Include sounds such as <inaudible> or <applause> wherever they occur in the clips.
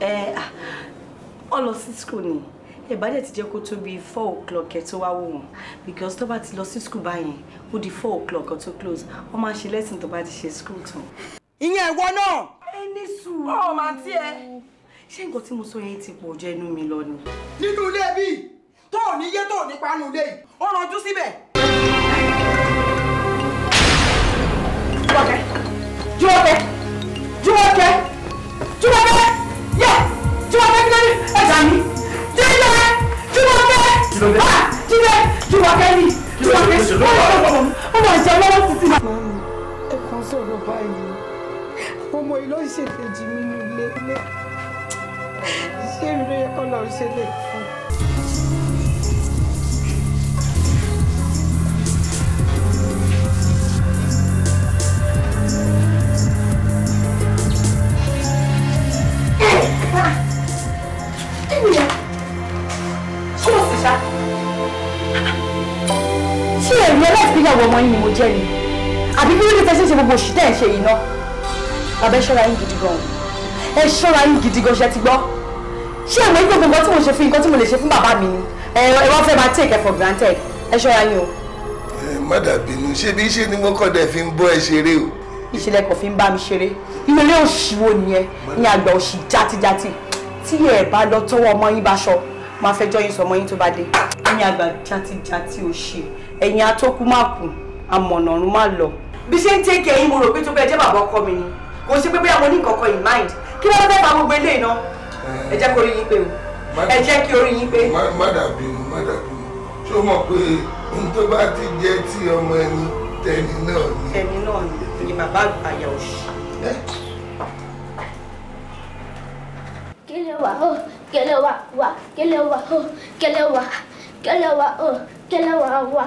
ẹ ọ lọ sí school ni ẹ bá dẹ̀ ti jẹ́ kó tó four o'clock ẹ tó wá wò wọ́n because tó bá ti lọ sí school báyẹn ó di four o'clock ọ tó close wọ́n máa ṣe lesson tó bá ti ṣe school tán. ìyẹn ẹ̀wọ́ náà. ẹ ní sùúrù. ọ̀ màá tiẹ̀. ṣé nǹkan tí mo sọ yẹn ti pọ̀ jẹ́ inú mi lọ ni. nínú ilé bíi tó ò ní yé tó ò ní panu ilé yìí ó ranjú síbẹ̀. Jùmọ̀kẹ́ Jùmọ̀kẹ́ Jùmọ̀kẹ́. jíde ah, jíwọ kẹ́lí jíwọ kẹ́lí ó máa jẹ ọlọ́wọ́ títí náà. ẹ kàn sọ̀rọ̀ báyìí ọmọ ìlú ìṣèkejì mi nílé ilé ṣé ìlú yẹ kọ́ lọ́ọ́ ṣẹlẹ̀ fún un. Eh, ah! ìyàwó ọmọ yín ni mo jẹ́ ni àbí bí ó lè fẹsẹ̀ ṣe gbogbo òṣì tẹ̀ ń ṣe yìí ná bàbá ẹ ṣọ́ra yín gidi gan ẹ ṣọ́ra yín gidi gan ṣe ti gbọ́ ṣé ìwé gbogbo tí mo ṣe fún nǹkan tí mo lè ṣe fún bàbá mi ni ẹ wá fẹ́ máa take it for granted ẹ ṣọ́ra yín o. má dàbínú ṣé bí ṣe ni mo kọ́ dẹ̀ fi ń bọ́ ẹ ṣeré o. ìṣẹ̀lẹ̀ kò fi ń bá mi ṣeré inú ilé òṣì wo nìyẹn ní àgbà òṣì játijàti tí ẹ bá lọ tọwọ́ ọmọ yín bá ṣọ máa fẹjọ́ yín sọ ọmọ yín tó bá dé ní àgbà játijàti òṣì ẹ̀yìn atókù má kù amọ̀nà ọ̀run má lọ. bí ṣe ń tẹ́kẹ̀ yín mo rò pé tó bẹ́ẹ̀ jẹ́ bàbá ọkọ mi ni kò sí pé bóyá mo ní kankan in mind kí ló fẹ́ fa gbogbo eléyìí náà ẹ jẹ́ kó rí yín pé o ẹ jẹ́ kí orí yín pé. má dàbí mu má dàbí mu ṣó mọ̀ pé ohun tó bá ti jẹ́ tí ọmọ ẹni tẹni náà ni. tẹni náà ni bàbá àgbàyà òṣì. kele wa o kele wa wa kele wa o kele wa kele wa o kele wa wa.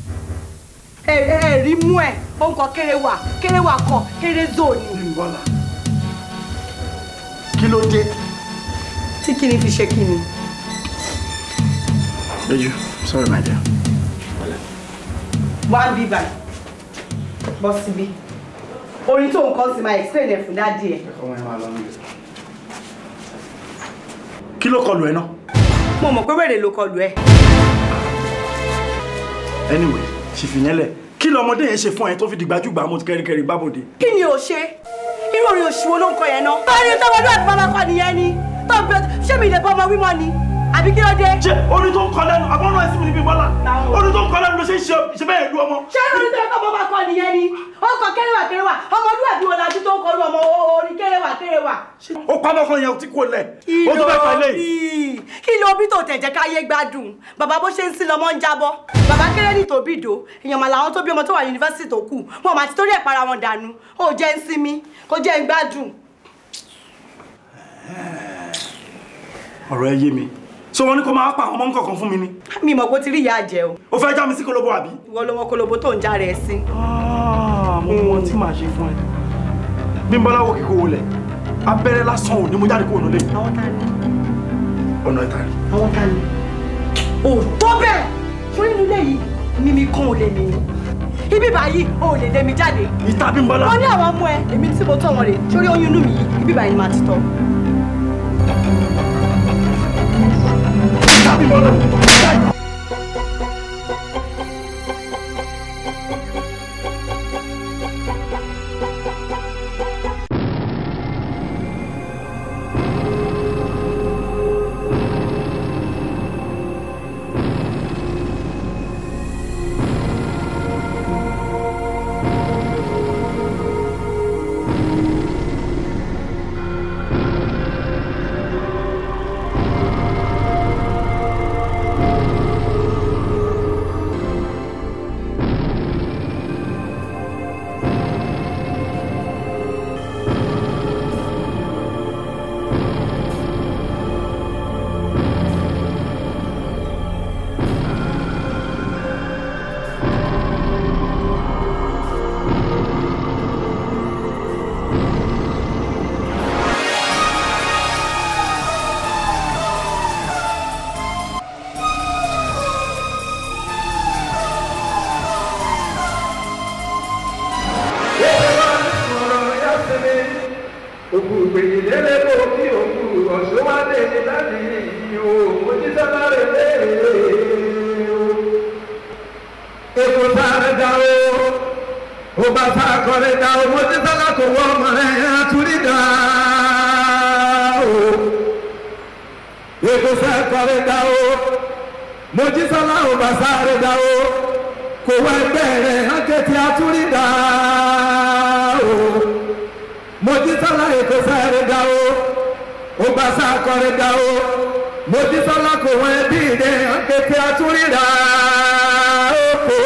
ẹ̀rí mú ẹ̀ ó ń kọ kéréwà kéréwà kọ kérezò ni. bímbọ́lá kí ló dé. tí kí ni fi ṣe kí Eju, sorry my dear. Wá bí báyìí, bọ́ síbí. Orin tó nǹkan ti máa explain ẹ̀ fún dádì ẹ̀. Kí ló kọlù ẹ náà? Mo mọ̀ pé wèrè ló kọlù ẹ. Anyway ṣìfìyẹn lẹ̀ kí lọmọdé yẹn ṣe fún ẹ tó fi dìgbà jùgbà mo ti kẹrìkẹrì bábòde. kí ni o ṣe irú orin òṣìwò ló yẹn náà. báyìí tọ́wọ́dún àti bàbá kan nìyẹn ni tó ń ṣé mi lè bọ́ ọmọ wímọ́ ni àbí kí ló dé. ṣe orin tó ń kọ lẹ́nu àbọ̀nù ẹ̀sìn mi níbi bọ́lá orin tó ń kọ lẹ́nu ló ṣe ń ṣe bẹ́ẹ̀ lu ọmọ. ṣé orin tó ń kọ́ bọ́ bá kọ nìyẹn ni ó kọ kẹrẹwà kẹrẹwà ọmọlúwàbí wọn lajú tó ń kọlu ọmọ orin kẹrẹwà kẹrẹwà. ó pa ọmọkùnrin yẹn tí kò lẹ ó tó bẹ́ẹ̀ pẹ̀lẹ́ yìí. kí ló bí tó tẹ̀jẹ̀ káyé gbádùn bàbá bó ṣe ń sin lọmọ ń jábọ́ bàbá kéré ní tòbídò èèyàn màlà àwọn tó bí ọmọ tó wà yunifásitì tó kù wọn máa ti torí ẹ̀ para wọn dànù ó jẹ́ ń sinmi kó jẹ́ ń gbádùn. ọ̀rọ̀ ẹ yé mi so wọn ní kó máa pa àwọn ọmọ nǹkankan fún mi ni. mi mọ̀ pé ti rí ìyá àjẹ o. o fẹ́ já mi sí kolobo àbí. ìwọ ló mọ kolobo tó ń já rẹ sí. Ah, mo mọ tí màá ṣe fún ẹ bí n bá láwọ kíkó wọlé abẹ́rẹ́ lásán ò ní mo jáde kó ònà lé. àwọn ta ni. ọ̀nà ìta rí. àwọn ta ni. ò tó bẹ́ẹ̀ fún inú ilé yìí mímí kan ò lè mí ibi báyìí o ò lè lé mi jáde. ìta bí n bá lá. wọ́n ní àwọn ọmọ ẹ èmi tí mo tọ́ wọn rè sórí oyún inú mi yìí ibi báyìí ni màá ti tọ́. Tá me mandando. mojúsọ́lá èkó sáré ga o ó gbà sákọ̀rẹ́ ga o mojúsọ́lá kò wọ́n ẹbí rẹ̀ kété àtúrírà òkò.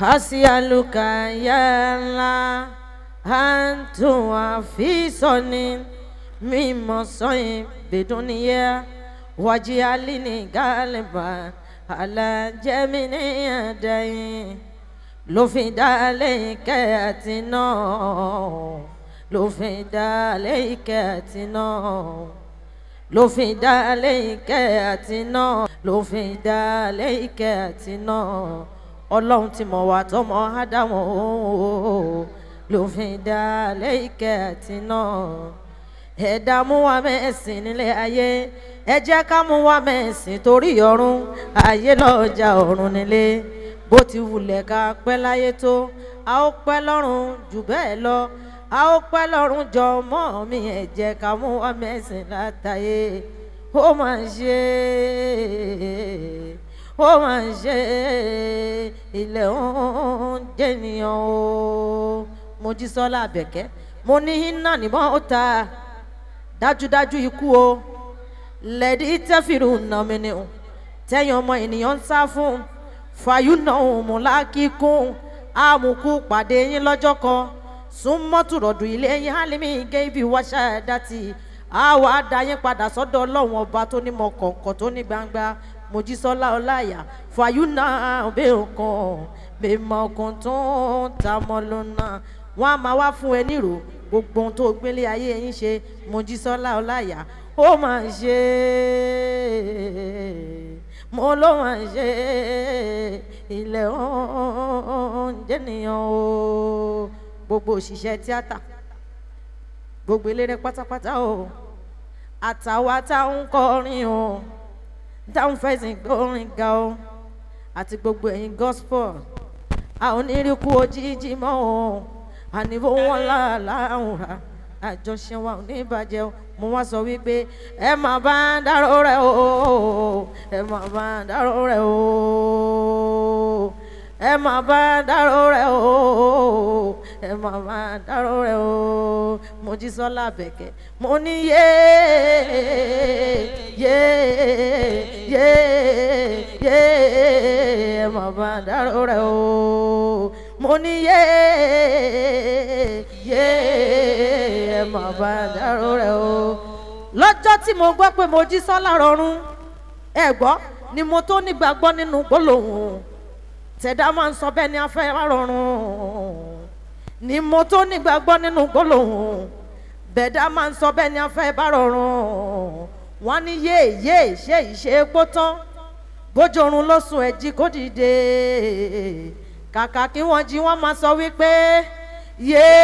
Hasi aluka ya la. أنتم وفيصني مما صيب بدنيا وجعلني غالبا على جميع يدي ló fi dálé ìkẹ́ àti náà ló fi dálé ìkẹ́ àti náà ló fi dálé ìkẹ́ àti náà ló fi dálé àti náà ọlọ́run ti mọ̀ wá tọmọ ádámọ̀ òun o ló fi dá lẹ́yìnkẹ́ àti ẹ̀dá mú wa mẹ́sìn nílé ayé ẹ jẹ́ ká mú wa mẹ́sìn torí ọ̀run ayé lọ́jà ọ̀run nílé bó ti wulẹ̀ ká pẹ́ láyé tó a ó pẹ́ lọ́run jù bẹ́ẹ̀ lọ a ó pẹ́ lọ́run jọ mọ́ mi ẹ ká mú wa mẹ́sìn látàyè ó máa ṣe ó máa ṣe ilẹ̀ oúnjẹ nìyẹn o mojísọ́lá àbẹ̀kẹ́ mo ní hinna níbọn ó ta dájúdájú ikú o lẹ́dí tẹ́fìrù nàmínú tẹ́yìn ọmọ ènìyàn ń sá fún fàyúnà òmùlá kíkún àmùkù pàdé yín lọ́jọ́ kan súnmọ́tòrọ̀dù ilé yín hálímì gẹ́bí wáṣà dátì àwa adáyín padà sọ́dọ̀ ọlọ́run ọba tó ní mọ kọ̀ọ̀kan tó ní gbangba mojísọ́lá ọláyà fàyúnà bẹ́ẹ̀ kan bẹ́ẹ̀ mọ̀ọ́kan tó ń ta mọ́ wọ́n á máa wá fún ẹ nírò gbogbo ohun tó gbélé ayé yín ṣe Mojísọ́lá Ọláìyá ó máa ń ṣe mo ló máa ń ṣe ilẹ̀ oúnjẹ nìyẹn o gbogbo òṣìṣẹ́ tíátà gbogbo eléré pátápátá o àtàwa tá kọrin o tá fẹsẹ̀ gbórin ga o àti gbogbo ẹ̀yin gospel a ò ní rí mọ́ o àníbó wọn láàláhùnrà àjọṣe wa ò ní ìbàjẹ́ o mo wá sọ wípé ẹ máa bá dárò rẹ o ẹ máa bá dárò rẹ o ẹ máa bá dárò rẹ o ẹ máa bá ń dárò rẹ o mo jí sọlá bẹ̀kẹ́ mo ní yé yé yé yé ẹ máa bá dárò rẹ o mo ní yé yé ẹ mà bá dárò rẹ o. lọ́jọ́ tí mo gbọ́ pé mo jí sọ́lá rọrùn ẹ gbọ́ ni mo tó nígbàgbọ́ nínú gbólóhùn tẹ̀dá máa ń sọ bẹ́ẹ̀ ni afẹ́ rọrùn ni mo tó nígbàgbọ́ nínú gbólóhùn bẹ̀dá máa ń sọ bẹ́ẹ̀ ni afẹ́ bá rọrùn wọ́n ní yé yé ṣe ìṣe epo tán bójú oorun ló sùn ẹ̀jí kó dìde kàkà kí wọ́n jí wọ́n máa sọ wípé yéé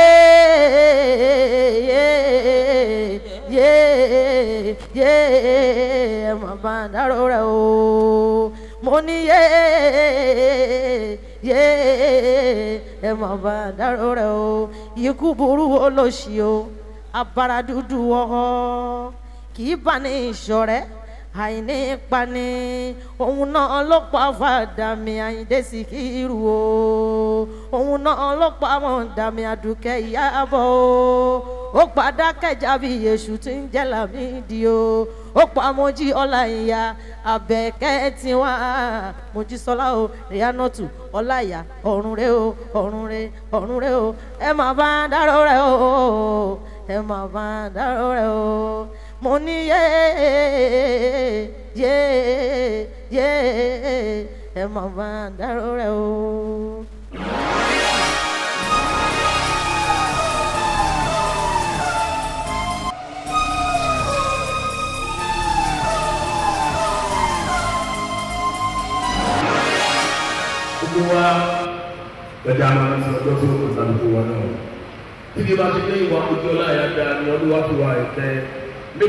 yéé o mo ní yéé yéé ẹ mà bá dárò rẹ o ikú burú o abara dúdú ọ̀họ́ àìní pani òun náà ló pa fàdà mi àyíndé Síkírù o òun náà ló pa mọ̀ọ́dà mi àdùkẹ́ ìyábọ̀ o ó padà kẹjà bí èṣù tí ń jẹ́ Lámídì o ó pa mojí ọlá ìyá abẹ́kẹ́ tiwa mojí sọlá o ìyánọ́tù ọlá ìyá ọ̀run rẹ o ọ̀run rẹ ọ̀run rẹ o ẹ máa bá dárò rẹ o ẹ máa bá dárò rẹ o mo ní yéé yéé yéé ẹ mọ̀ bá dárò rẹ̀ o. gbogbo wa gbẹdẹ àwọn ọmọ sọ ọjọ́ tó ń kọta gbogbo wa náà. tí bí wàá ti lé ìwà ojú ọlá yà dáa ọdún wàá fi wà ẹ̀tẹ́. And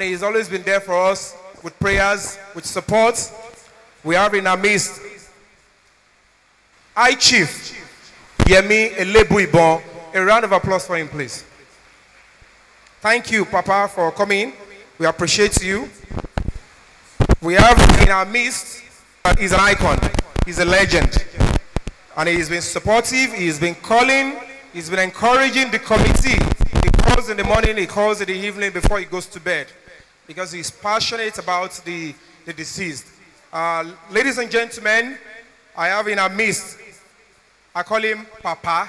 he has always been there for us with prayers, with support. We are in our midst I Chief Yemi Elebuibon. A round of applause for him, please. Thank you, Papa, for coming. We appreciate you. We have in our midst, uh, he's an icon. He's a legend. And he's been supportive. He's been calling. He's been encouraging the committee. He calls in the morning. He calls in the evening before he goes to bed. Because he's passionate about the, the deceased. Uh, ladies and gentlemen, I have in our midst, I call him Papa.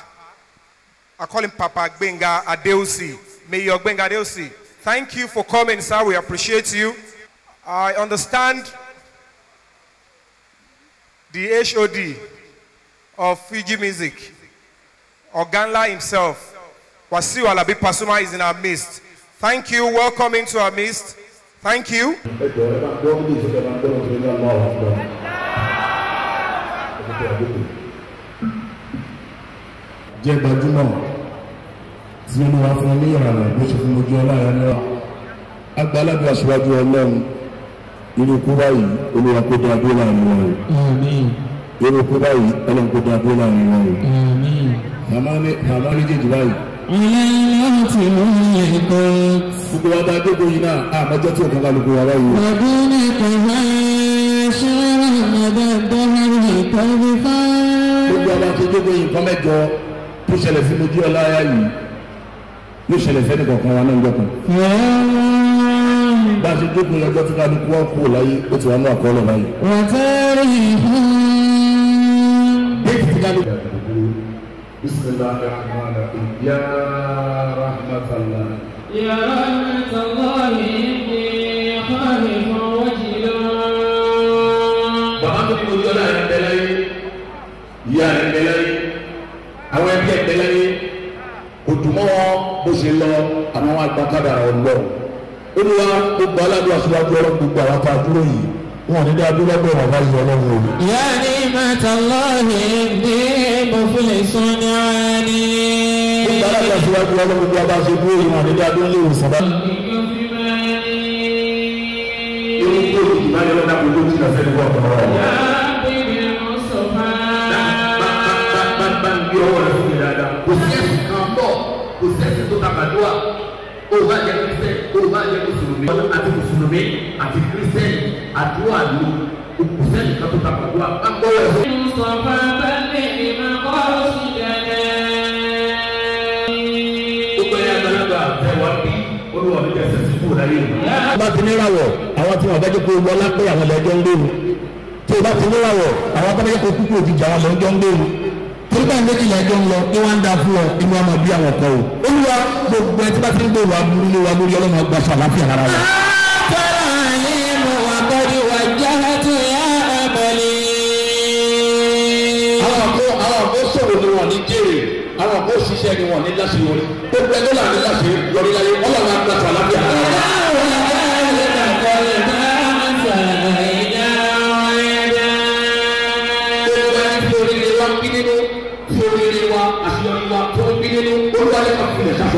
I call him Papa Gbenga Adeosi. May your Gbenga Adeosi. Thank you for coming, sir. We appreciate you. I understand the HOD of Fiji Music, Oganla himself, Wasiu Alabi Pasuma is in our midst. Thank you. Welcome into our midst. Thank you. Jẹ́ gbajúmọ̀. tí olúwa fún ọ ní ìrànlọ́ bó ṣe fún ojú ọlára náà. agbálábí aṣíwájú ọlọ́run nínú ikú báyìí olúwa kó dá dúró láàrin wọn o. nínú ikú báyìí ọlọ́run kó dá dúró láàrin wọn o. màmá méjèèjì báyìí. ọlọ́run ti mú ìyẹn kan. gbogbo wa bá dégbò yìí náà àmọ́jọ́ tí òkan kálukú wa báyìí bàbá mi kò wá ṣọ́ra ọ̀dọ̀ dọ́là ìtọ́jú fún. gbogbo wa bá tó dégbò yìí kọ́mẹ́jọ tó ṣẹlẹ̀ sí mojú ọlá yá yìí ló ṣẹlẹ̀ sẹ́ni kọ̀ọ̀kan wa náà ń jọkùn. bá a ṣe jókòó lọ́jọ́ tí ká ní kó wọ́n kú láyé ó ti wá ní àkọọ́lẹ̀ báyìí. wàtárí ìhún. بسم الله الرحمن الرحيم يا رحمة الله يا رحمة الله إني خائف وجلا بأمر مجلى الدلائي يا الدلائي أو يبيع الدلائي كنت مو bó ṣe lọ àwọn agbákádàrà ọlọ́run olúwa gbogbo aládùn aṣíwájú ọlọ́run gbogbo àwọn tá dúró yìí wọn ò ní dá dúró lọ́gbọ̀n bàbá yìí ọlọ́run o. ìyá ni màtà lọ́ọ̀hìn ní mọ̀fúnlẹ̀ sún ní gbogbo aládùn aṣíwájú ọlọ́run gbogbo àwọn aṣọ dúró yìí wọn ò ní dá dúró léwu sábà. irú kó o o bá jẹ kristian o bá jẹ mùsùlùmí àti mùsùlùmí àti kristian àdúrà ló òkùnsẹ́ni kan tó ta pàdó àpapọ̀ bá lè ní máa kọ́ sí jẹ́jẹ́. ó gbé agbára àtẹwà bí olúwa mi jẹ́ sẹ́sì kúrò láyé mi. bá ti níràwọ̀ àwọn tí wọn bá jẹ́ pé lọ́lá pé àwọn ẹ̀jẹ̀ ń gbé mi tí o bá ti níràwọ̀ àwọn bá jẹ́ pé kúkú òjijì àwọn ọmọ ẹ̀jẹ̀ ń gbé mi nígbà méjìlá ẹjọ́ ń lọ ní wọ́n ń da fún ọ inú ọmọ bí àwọn ọkọ o. olúwa gbogbo ẹ tí bá ti ń gbòòrò aburú lé wa lórí ọlọ́mọ gba sàlàfíà rárá wa. àtàrà yín mo wà bọ́dí àwọn àbó àwọn ni wọ́n ní jèrè àwọn gbogbo ẹgbẹ́ làwọn ní láṣeyọrí láyé ọlọ́mọ gba sàlàfíà rárá.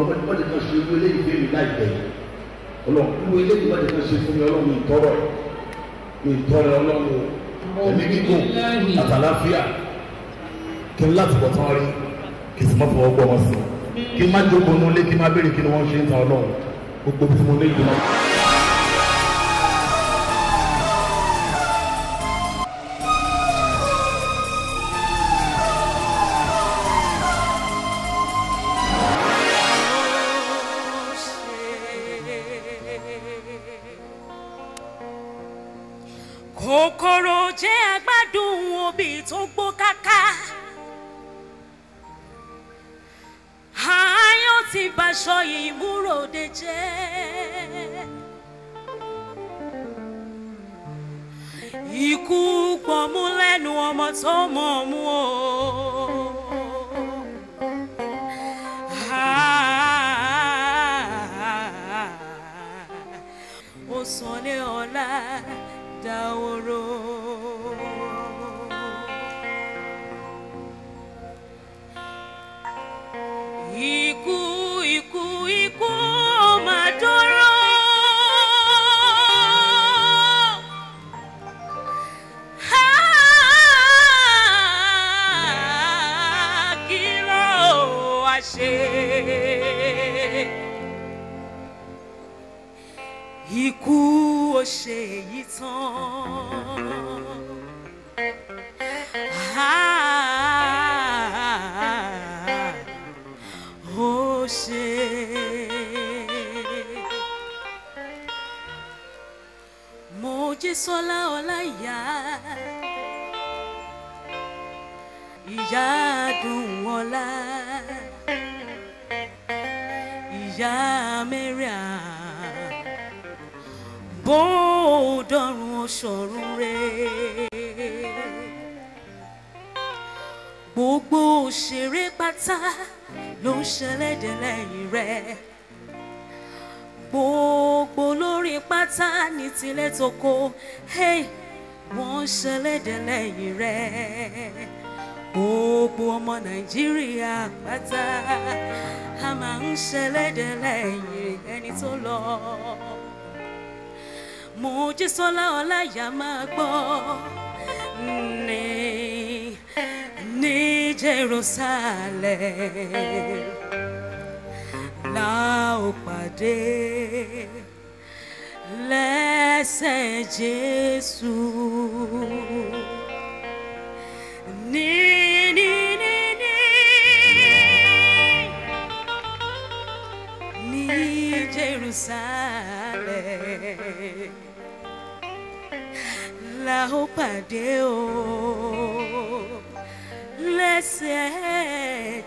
olùwà wọ́n ti kan ṣe irú eléyìí fún mi láìpẹ́ ọlọ́run irú eléyìí wọ́n ti kan ṣe fún mi ọlọ́run mi tọrọ mi tọrọ ọlọ́run ẹ̀mí gígùn àtàláfíà kí n láti bọ̀ tán rí kì í sì má fọwọ́ gbọ́ wọn sí kí n má jókòó nulẹ̀ kí n má béèrè kí ni wọ́n ṣe ń ta ọlọ́run gbogbo bí mo lè jùlọ. kòkòrò jẹ́ agbádùn obì tó gbó káká ayọ́ ti bàṣọ ìmúròde jẹ́. Ikú pọ̀mú lẹ́nu ọmọ tó mọ̀ mú o. Ó sọ ní ọ̀la. daworo ikú ikú ikú mà dọ́rọ́ kí ló wá ṣe. Ikú ó song. Ah, oh, Mojísọ́lá Ọláìyá ìyá dùn ọlá ìyá mẹ́rin àá. bó dọ̀run ọ̀ṣọ̀run rẹ̀. gbogbo òṣèré pátá ló ń ṣẹlẹ́dẹ̀ lẹ́yìn rẹ̀. gbogbo olórin pátá ní tilẹ̀ tó kó wọ́n ń ṣẹlẹ́dẹ̀ lẹ́yìn rẹ̀. gbogbo ọmọ nàìjíríà pátá a máa ń ṣẹlẹ́dẹ̀ lẹ́yìn ẹni tó lọ. Mojísọ́lá Ọláìyá máa gbọ́ ní ní Jerusalem la ó pàdé lẹ́sẹ̀ Jésù ní ní ní ní ní Jerusalem. la ó pàdé o lẹ́sẹ̀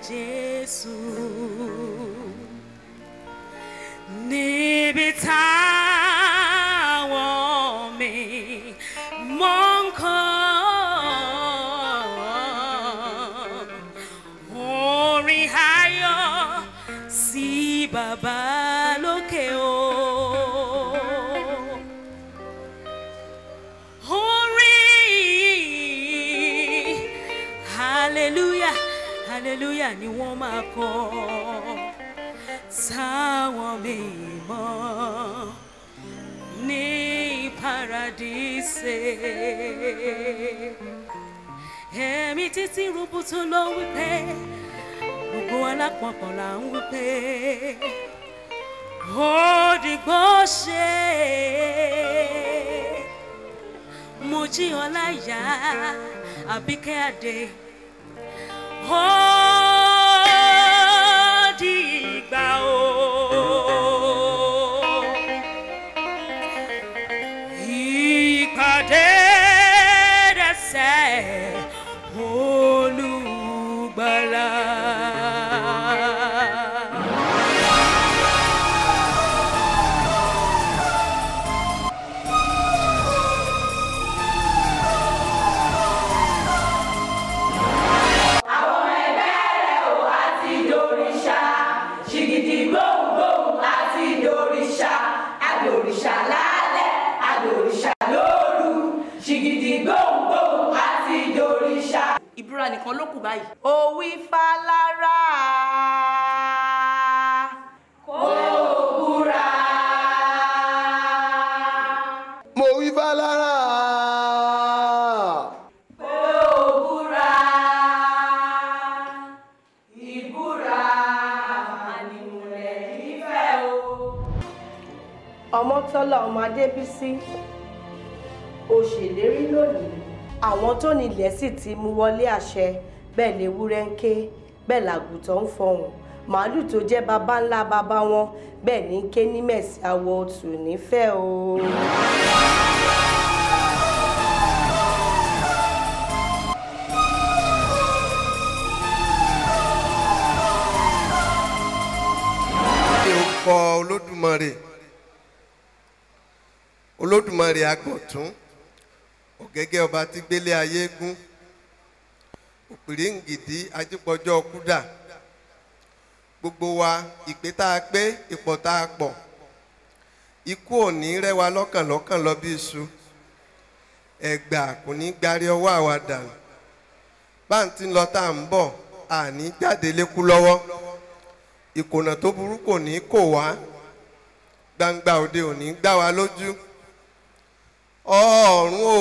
Jésù níbi táwọn mi mọ́ nǹkan orin sí bàbá. hallelujah ni wọ́n máa kọ sáwọn mímọ́ ní paradíṣe. Ẹ̀mí títí rúbùtù ló wí pé gbogbo alápọ̀pọ̀ là ń wí pé òdìgbò ṣe mo jí ọláyà Àbíkẹ́ Adé. Oh! thou Tọ́lá ọmọ Adébísí ó ṣèlérí lónìí àwọn tó nílẹ̀ sì ti mú wọlé àṣẹ bẹ́ẹ̀ lewúrẹ́ ń ké bẹ́ẹ̀ làgùtàn ń fọhùn màálù tó jẹ́ baba ńlá baba wọn bẹ́ẹ̀ ní ké ní mẹ̀sì awọ tù nífẹ̀ẹ́ o. Olódùmarè olódùmarè agbọ̀tún ògẹ́gẹ́ ọba tí gbélé ayé gún òpìrìǹgìdì ajípọ̀jọ́ kúdà gbogbo wa ìpè tá a pé ìpọ̀ tá a pọ̀ ikú ò ní rẹ́ wa lọ́kàn lọ́kàn lọ bí iṣu ẹ̀gbà kò ní gbarí ọwọ́ àwa dànù bá ń ti lọ tá à ń bọ̀ àní jáde lékú lọ́wọ́ ìkònà tó burú kò ní kò wá gbangba òde òní gbá wa lójú. ọ̀run o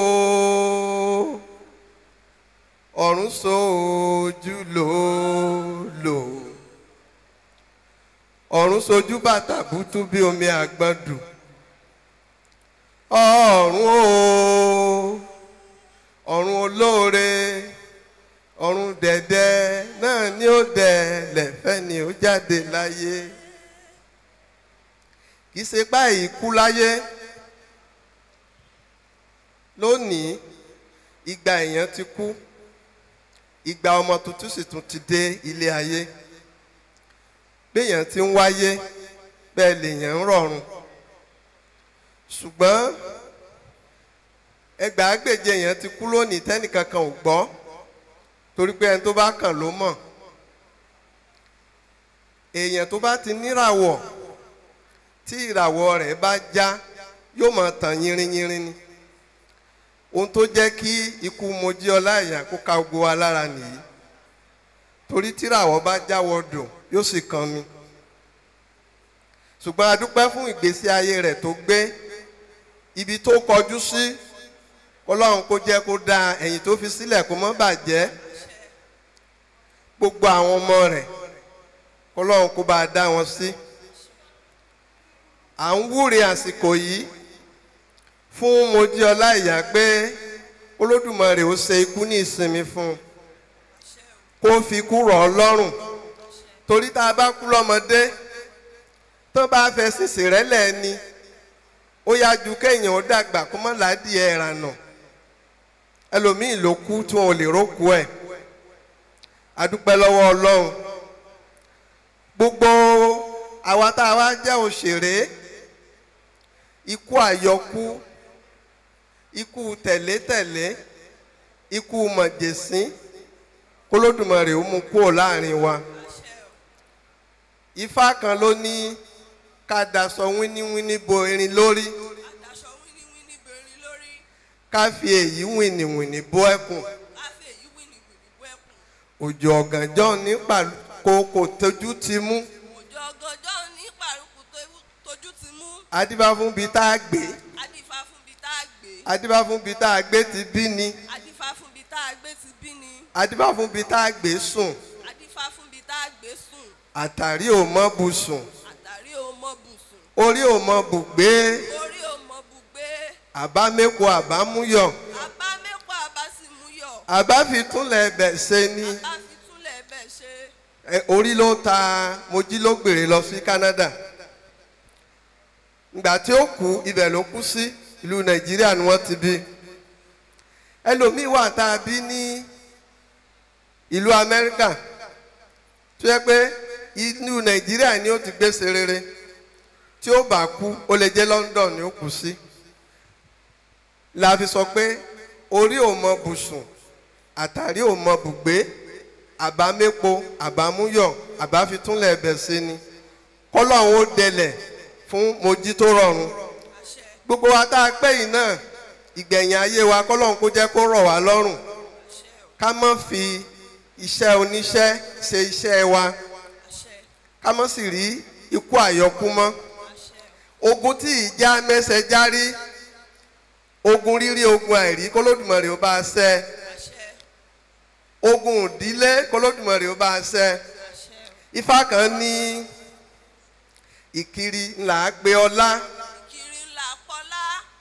ọ̀run sojú lòlò ọ̀run sojú bàtà bútú bí omi àgbọ̀dù ọ̀run o ọ̀run olóore ọ̀run dẹ̀dẹ̀ náà ni ó dẹ̀ lẹ̀fẹ́ ni ó jáde láyé kì í ṣe báyìí kú láyé lónìí ìgbà èèyàn ti kú ìgbà ọmọ tuntun sì tún ti dé ilé ayé béèyàn ti ń wáyé bẹ́ẹ̀ lèèyàn ń rọ̀rùn ṣùgbọ́n ẹgbàágbèje èèyàn ti kú lónìí tẹ́nìkankan ò gbọ́ torí pé ẹni tó bá kàn ló mọ̀ èèyàn tó bá ti níràwọ̀ tí ìràwọ̀ rẹ̀ bá já yóò máa tàn yínrín yínrín ni ohun tó jẹ́ kí ikú Mojíọlá Àyìnlá kó ka gbogbo wa lára nìyí torí tíràwọ̀ bá jáwọ́ dùn yóò sì kan mi ṣùgbọ́n a dúpẹ́ fún ìgbésí ayé rẹ̀ tó gbé ibi tó kọjú sí Ọlọ́run kó jẹ́ kó dáa ẹ̀yìn tó fi sílẹ̀ kó mọ́ bàjẹ́ gbogbo àwọn ọmọ rẹ̀ Ọlọ́run kó bá a dá wọn sí à ń wúre àsìkò yìí fún Mojíọlá ìyá pé Olódùmarè ó ṣe ikú ní ìsinmi fún un kó fi ikú rọ̀ ọ́ lọ́rùn torí tá a bá kú lọ́mọdé tó bá fẹ́ sísè rẹ̀ lẹ́ni ó yá ju kéèyàn ó dàgbà kó mọ́ ládìí ẹ̀rànà ẹlòmíì ló kú tí wọn ò lè rókú ẹ̀ adúpẹ́ lọ́wọ́ Ọlọ́run gbogbo àwa tá a wá jẹ́ òṣèré ikú àyọkú ikú tẹ̀lé-tẹ̀lé ikú mọ̀jẹ̀sín kólódùmarè ó mú kúrò láàrin wa ifá kan ló ní ká daṣọ wíníwíní bo erin lórí ká fi èyí wìnìwìnì bo ẹkùn òjò ọ̀gànjọ́ ní pàkókò tójú tójú ti mú. adíbá fún tá a gbé adífá fún bi tá a gbé ti bí ni. adífá fún bi tá a gbé ti bí ni. adífá fún bi tá a gbé sùn. adífá fún bi tá a gbé sùn. àtàrí ò mọ bùsùn. àtàrí ò mọ bùsùn. orí ò mọ bùgbé. orí ò mọ bùgbé. àbámẹ́kọ àbámúyọ̀. àbámẹ́kọ àbásímúyọ̀. àbáfitúnlẹ̀ ẹ̀bẹ̀ ṣe ni. àbáfitúnlẹ̀ ẹ̀bẹ̀ ṣe. orí ló ta mojí ló gbèrè lọ sí Canada. ìgbà tí ó kú ibẹ̀ ló kú sí. Si ìlú nàìjíríà ni wọ́n ti bí ẹlòmíì wà tá a bí ní ìlú amẹ́ríkà tó yẹ pé inú nàìjíríà ni ó ti gbé ṣe rere tí ó bá kú ó lè jẹ́ london ni ó kù sí la fi sọ pé orí ò mọ bùsùn àtàrí ò mọ bùgbé àbámẹ́po àbámúyọ̀ àbáfitúnlẹ̀ ẹ̀bẹ̀ sí ni kọ́lọ́hún ó dẹlẹ̀ fún mojító rọrùn gbogbo wa tá a pẹ́ yìí náà ìgbẹ̀yìn ayé wa kọ́lọ́hún kó jẹ́ kó rọ̀ wá lọ́rùn ká má fi iṣẹ́ oníṣẹ́ ṣe iṣẹ́ wa ká má sì rí ikú àyọkú mọ́ ogun tí ìjà mẹ́sẹ̀ járí ogun rírí ogun àìrí kólódùmarè ó bá a ṣẹ́ ogun ìdílé kólódùmarè ó bá a ṣẹ́ ifá kan ní ìkiri ńlá gbé ọlá.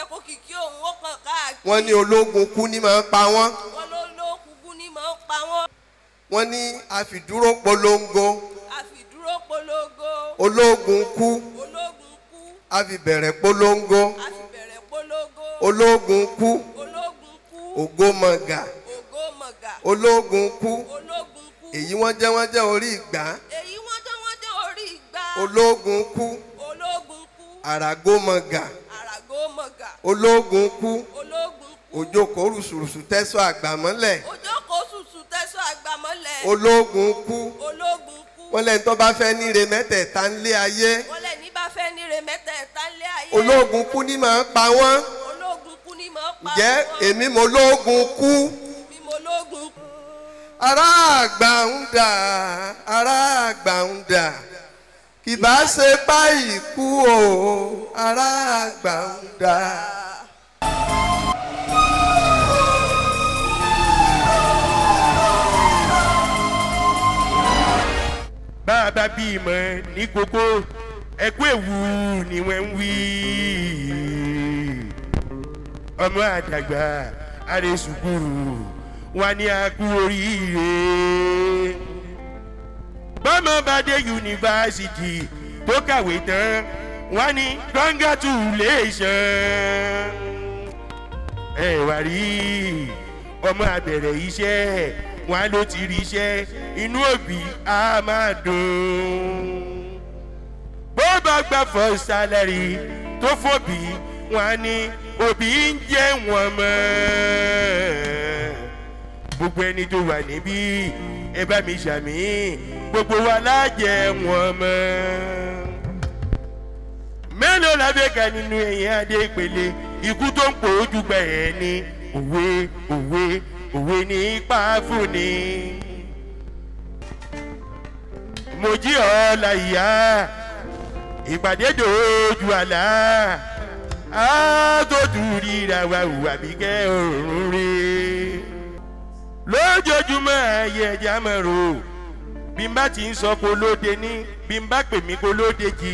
ṣe kó kìkì òun ó kàn káàkiri. wọ́n ní ológun kú ní máa ń pa wọ́n. wọ́n ló lóògùn kú ní máa ń pa wọ́n. wọ́n ní àfìdúró polongo. àfìdúró polongo. ológun kú. ológun kú. àfìbẹ̀rẹ̀ polongo. àfìbẹ̀rẹ̀ polongo. ológun kú. ológun kú. ògbómọ̀gà. ògbómọ̀gà. ológun kú. ológun kú. èyí wọ́n jẹ́ wọ́n jẹ́ orí ìgbà. èyí wọ́n jẹ́ wọ́n jẹ́ orí ìgbà. ológun kú. ológun kú. àràgómọ̀gà ológun kú òjò kò rùsùrùsù tẹ́sọ̀ àgbàmọ́lẹ̀ ológun kú wọ́n lẹ́ni tó bá fẹ́ níre mẹ́tẹ̀ẹ̀ta ńlé ayé ológun kú ni màá pa wọ́n ǹjẹ́ èmi mo lóògùn kú ará àgbà ń dà ará àgbà ń dà ìbáṣepá ìkú o ará àgbà ń dá. bá a bá bí ìmọ̀ ní kókó ẹkú èwú ni wọ́n ń wí. ọmọ àdàgbà àrẹ sùkúrù wà ní akú bọ́mọ bá dé yunifásitì tó kàwé tán wọ́n ní congratulation ẹ wà rí ọmọ abẹ̀rẹ̀ iṣẹ́ wọn ló ti rí iṣẹ́ inú òbí á máa dùn bó bá gbà fọ́ sálẹ̀rì tó fòbí wọn ní òbí ń jẹ́ wọn mọ́ gbogbo ẹni tó wà níbí ẹ mi ṣàmì gbogbo wa lájẹ wọn mọ́ mélòó lábẹ́ ka nínú ẹ̀yìn adé ìpele ikú tó ń pò ó ju gbà ẹ̀ ní òwe òwe òwe ní ipa fún ni mo jí ọ láyà ìpàdé dòójú àlá á tó dùn ríra wa hùwà bí òórùn rèé lójoojúmọ́ ẹ̀yẹ ẹ̀já mẹ́rò bí n bá ti ń sọ kó lóde ní bí n bá pè mí kó lóde jì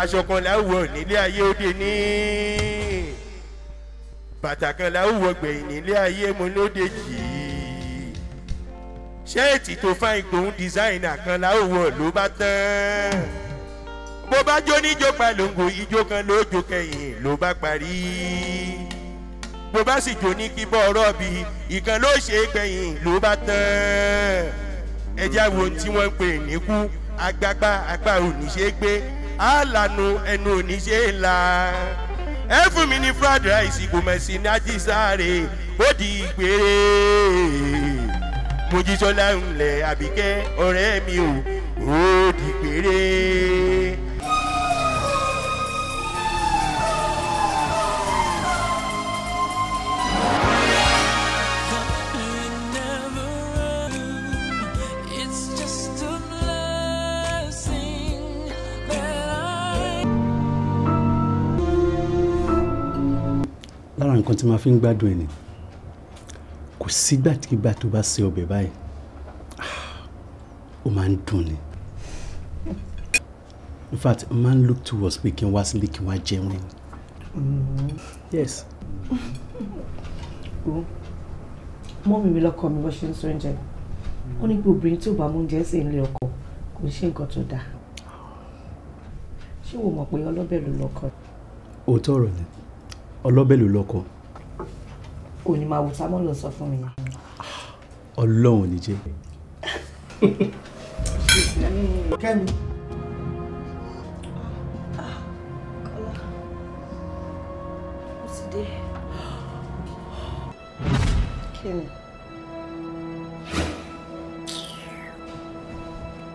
aṣọ kan láwùwọ̀ nílé ayé òde ní bàtà kan láwùwọ̀ gbẹ̀yìn nílé ayé mo lóde jì ṣẹ́ẹ̀tì tó fáìn gbòun dísáìnà kan láwùwọ̀ ló bá tán bó bá jó níjó palongo ijó kan lójó kẹyìn ló bá parí bó bá sì jó ní kí bọ́ ọ̀rọ̀ bí ìkan ló ṣe é gbẹ̀yìn ló bá tán ẹjẹ́ wo tí wọ́n ń pè níkú agbágbá agbá òní ṣe é gbé àlànà ẹnu òní ṣe é la ẹ fún mi ní fried rice ìgbòmọ̀sí ní ajísàárè ó di ìgbéré mojísọ́lá ńlẹ̀ àbíkẹ́ ọ̀rẹ́ mi ò ó di ìgbéré. lára nǹkan tí ma fi ń gbádùn ẹ̀ ni kò sígbàkigbà tó bá ṣe ọbẹ̀ báyìí ah, ó máa ń dùn ni in fact man look towards pé kí n wá sílé kí n wá jẹun ni. Mm-hmm. yes. mọ́ mi mi lọ́kọ mi bó ṣe ń sọ oúnjẹ ó ní pé obìnrin tí ò bá mú oúnjẹ sí ilé ọkọ kò ń ṣe nǹkan tó dáa ṣé wo mọ̀ pé ọlọ́bẹ̀ ló lọ́kọ. òótọ́ ọ̀rọ̀ ni ọlọ́bẹ̀ ló lọ́kọ. kò ní máa wù tá mọ́ lọ sọ fún mi. ọlọ́run ní jẹ́. kẹ́mi. kẹ́mi.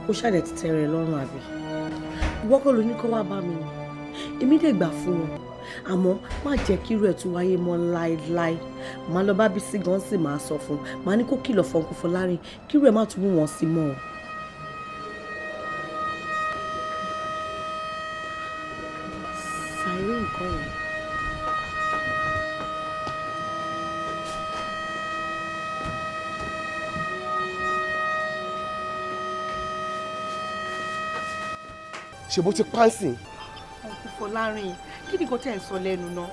ó ṣàdẹ̀ ti tẹ̀rẹ̀ lọ́rùn àbí ìwọ́kọ̀ ló ní kó wá bá mi ni èmi dẹ̀ gbà fún ọ àmọ́ má jẹ́ kí irú ẹ̀ tún wáyé mọ́ láéláé màá lọ bá Bísí gan sì máa sọ fún màá ní kó kìlọ̀ fọnkú Fọlárin kí irú ẹ̀ má tún wù wọ́n sí mọ́ o. sàárè nǹkan yìí. ṣe bó ti pàǹsì. ọkùnfọlárin kí ni nǹkan tẹ́ ẹ̀ ń sọ lẹ́nu náà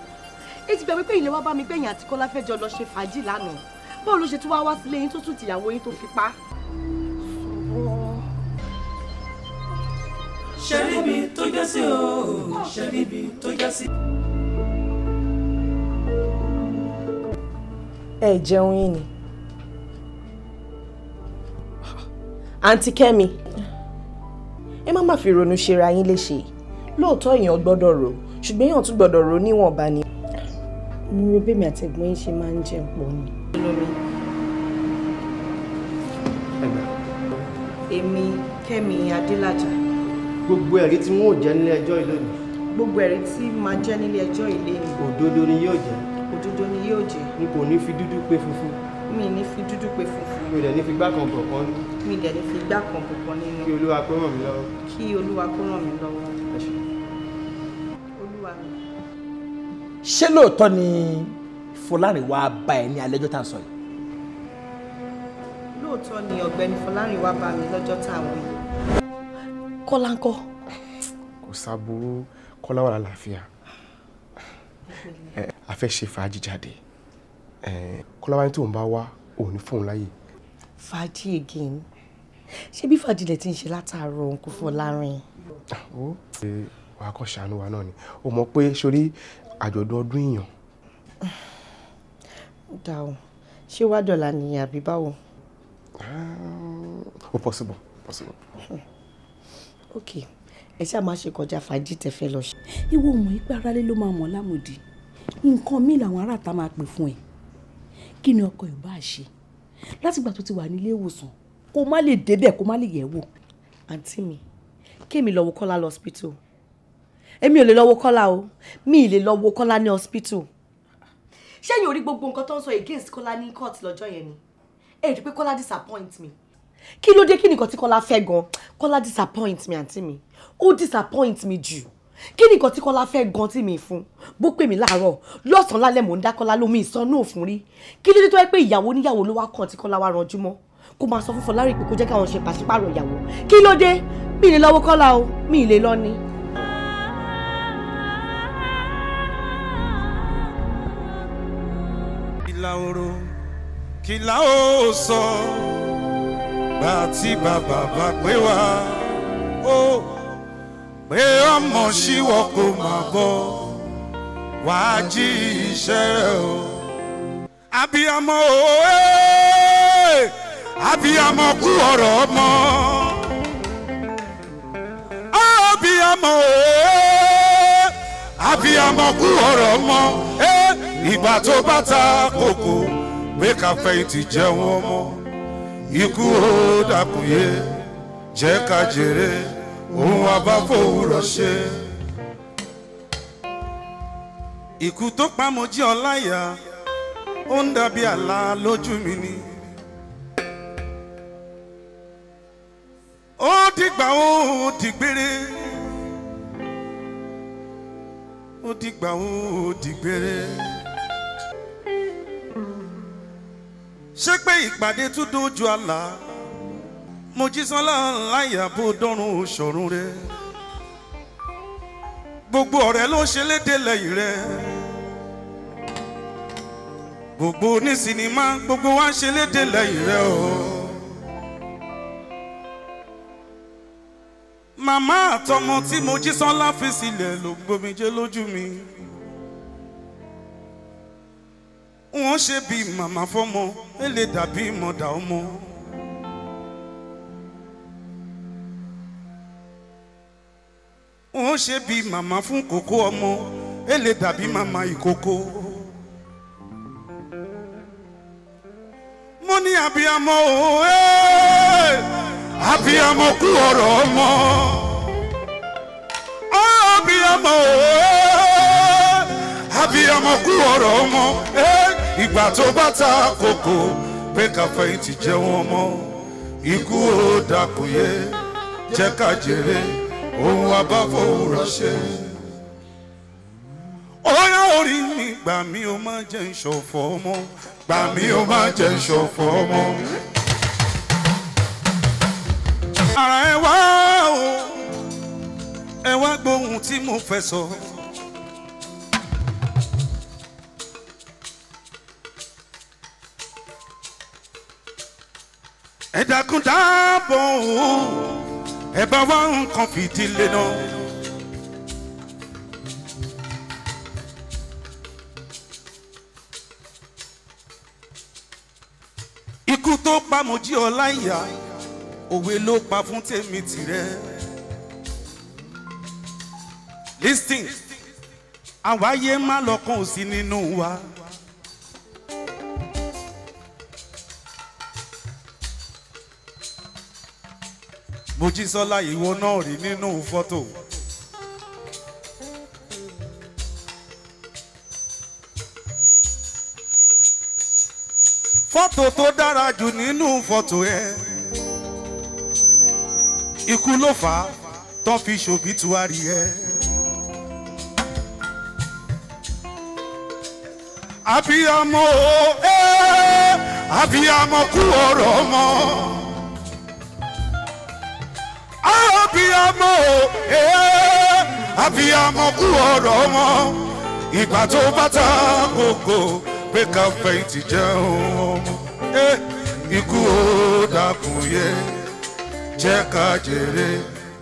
ẹ ti gbà wípé ilé wa bá mi gbẹ̀yìn àti kọ́lá fẹ́ jọ lọ ṣe fàájì lánàá báwo ló ṣe tún wá wá sílé yín tó tún tìyàwó yín tó fi pa. ṣe níbi tó já sí o ṣe níbi tó já sí. ẹ jẹun yín ni àǹtí kẹ́mi ẹ má má fi ronú ṣera yín léṣe lóòótọ́ èèyàn gbọ́dọ̀ rò ṣùgbọ́n èèyàn tún gbọ́dọ̀ ro níwọ̀nba ni. mo ro bẹ́ẹ̀ àti ẹ̀gbọ́n yín ṣe máa ń jẹun pọ̀ ni. èmi Kẹ́mi Adélájà. gbogbo ẹ̀rí tí wọn ò jẹ́ nílé ẹjọ́ yìí lónìí. gbogbo ẹ̀rí tí máa jẹ́ nílé ẹjọ́ yìí lónìí. òdodo ni yóò jẹ́. òdodo ni yóò jẹ́. n kò ní fi dúdú pé funfun. mi ní fi dúdú pé funfun. mi ò dẹ̀ ní fi gbá kan bọ̀kan nínú. mi ò dẹ̀ ní fi gbá kan bọ̀kan nínú. kí olúwa kó ràn mí lọ́wọ́. kí olúwa kó ràn mí lọ́wọ́. ṣé lóòótọ́ ni Fọlárin wá bá ẹ ní alẹ́jọ́ tá à ń sọ yìí. lóòótọ́ ni ọ̀gbẹ́ni Fọlárin wá bá mi lọ́jọ́ tá à ń wí. Kọ́lá ńkọ́. kò sábúrú Kọ́lá wà lálàáfíà a fẹ́ ṣe fàájì jáde Kọ́lá wa ní tóun bá wá òun ní fóun láyè. fàájì again ṣé bí fàájì lè ti ń ṣe látàárọ̀ òun kò Fọlárin. Ah, ó ṣe wàá kọ́ ṣàánú wa náà ni ó mọ̀ pé sórí àjọ̀dún ọdún èèyàn. dà o ṣé wàá dọ̀là nìyẹn àbí báwo. Ah, ó possible possible. ok ẹ ṣáà máa ṣe kọjá fàájì tẹfẹ lọ. ìwọ mọ̀ ipá aráalé ló máa mọ̀ lámòdì nǹkan míì làwọn aráàta máa pè fún ẹ kí ni ọkọ ìbá ṣe látìgbà tó ti wà nílé ìwòsàn kó má lè débẹ̀ kó má lè yẹ̀ wò. àǹtí mi kémi lọ wo Kọ́lá lọ hospital èmi ò lè lọ́wọ́ kọ́lá o mi ì lè lọ́wọ́ kọ́lá ní hospital. ṣẹ́yìn orí gbogbo nǹkan tó ń sọ against kọ́lá ní court lọ́jọ́ yẹn ni ẹ rí i pé kọ́lá disappoint me. kí ló dé kí nìkan tí kọ́lá fẹ́ gan kọ́lá disappoint me àǹtí mi ó disappoint me jù kí nìkan tí kọ́lá fẹ́ gan tí mi fún bó pè mí láàárọ̀ lọ́sàn-án lálẹ́ mò ń dá kọ́lá lómi ìsọnù òfin rí kí ló dé tó yẹ pé ìyàwó níyàwó ló wá kàn tí kọ́lá wá ranjú mọ́ kó máa sọ fún Fọlárìn pé kó jẹ́ káwọn ṣe pàṣípàrọ̀ ìyàwó kí ló dé mi ì lè lọ́wọ́ kọ́lá o mi ì lè lọ ni. la ó rò kí la ó sọ gbà tí bàbá bá pè wá ó pé ọmọ ṣíwọ́ kò máa bọ̀ wàá jí iṣẹ́ o abiyamọ ooo eh! abiyamọ kú ọ̀rọ̀ ọmọ abiyamọ ooo eh! abiyamọ kú ọ̀rọ̀ ọmọ ee. Eh! ìgbà tó bá ta kòkó pé káfẹ́yìntì jẹun ọmọ ikú ó dàkúnyé jẹ́ ká jèrè òun abáfòwúrọ̀ ṣe. ikú tó pa Mojí Ọláìyá ó ń dàbí àlá lójú mi ni. ó dìgbà ó dìgbére ó dìgbà ó dìgbére. ṣé pé ìpàdé tún dùn ju àlá mo jí sánlá láyà bó dọ́run òṣòrun rẹ gbogbo ọ̀rẹ́ ló ṣe léde lẹ́yìn rẹ gbogbo ní sinimá gbogbo wa ṣe léde lẹ́yìn rẹ o. màmá àtọmọ tí mo jí sánlá fi sílẹ̀ ló gbomijé lójú mi. wọ́n ṣe bí màmá fọ́mọ ẹ lè dàbí mọ̀dà ọmọ. wọ́n ṣe bí màmá fún kókó ọmọ ẹ lè dàbí màmá ìkókó. mo ní abiyamọ o ẹ eh! abiyamọ kú ọ̀rọ̀ ọmọ abiyamọ o ẹ eh! abiyamọ kú ọ̀rọ̀ ọmọ ẹ. Eh! ìgbà tó bá ta kókó pé kàfẹ́yìn ti jẹ́ wọn mọ́ ikú ó dàkúyé jẹ́ ká jèrè ohun abáfowórà ṣe. ọ̀yá orí mi gbà mí ó má jẹ́ ìṣọ̀fọ̀ ọmọ gbà mí ó má jẹ́ ìṣọ̀fọ̀ ọmọ. ara ẹ wá o ẹ wá gbóhùn tí mo fẹ́ sọ. So. ẹ dákun dáàbò ẹ bá wá nǹkan fìdílé náà. ikú tó pa Mojí Ọláìyá òwe ló pa fún tèmi tìrẹ. listing àwáyé má lọ́kàn sí nínú wa. Mojísọ́lá iwo náà rí nínú fọ́tò. fọ́tò tó dára jù nínú fọ́tò ẹ ikú ló fà á tán fi ṣòbí tuwárí ẹ. àbíyamọ o ẹ eh, àbíyamọ kú ọ̀rọ̀ mọ́. abiyamọ ee abiyamọ kú ọ̀rọ̀ wọn ìgbà tó bá ta gbogbo pé ká fẹ̀yìntì jẹun ikú ó dákun yẹ jẹ́ ká jèrè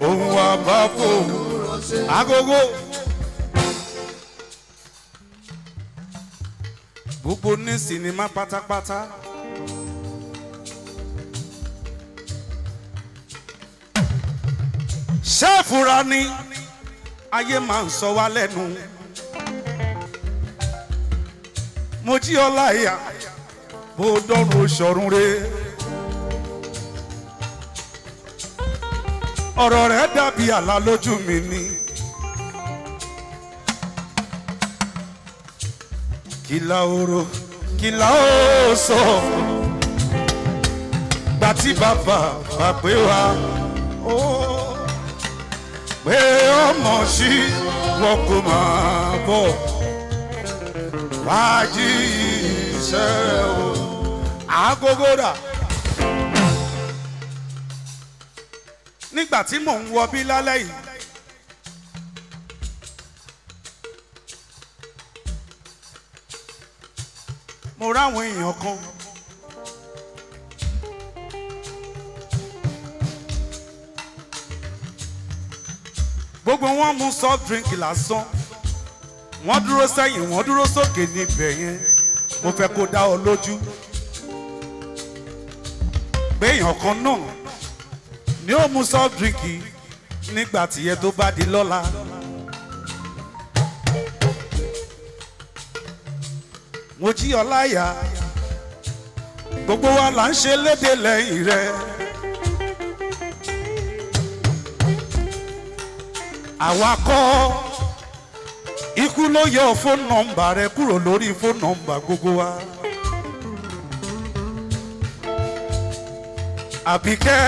ohun àbáfò agogo. gbogbo ní sinimá pátápátá. ṣé ìfura ni ayé máa ń sọ wá lẹ́nu mo jí ọlá ìyá bó dọ́run ṣọ̀run re ọ̀rọ̀ rẹ̀ dàbí àlá lójú mi ni. kí la ó kí la ó sọ gbàtí bàbá bàbá pé Oh pé ọmọ sí wọn kò máa bọ̀ fàájì iṣẹ́ o agogo rà. nígbà tí mò ń wọbí lálẹ́ yìí mo ráwọn èèyàn kan. gbogbo wọn mú soft drink lásán wọ́n dúró sẹ́yìn wọ́n dúró sókè níbẹ̀ yẹn mo fẹ́ kó dá ọ lójú pé èèyàn kan náà ni ó mú soft drink nígbà tìyẹ tó bá di lọ́la. mo jí ọ gbogbo wa là ń ṣe léde lẹ́yìn rẹ̀. àwa kọ́ ikú ló yọ fóònù nọ́mbà rẹ kúrò lórí fóònù nọ́mbà gbogbo wa. àbíkẹ́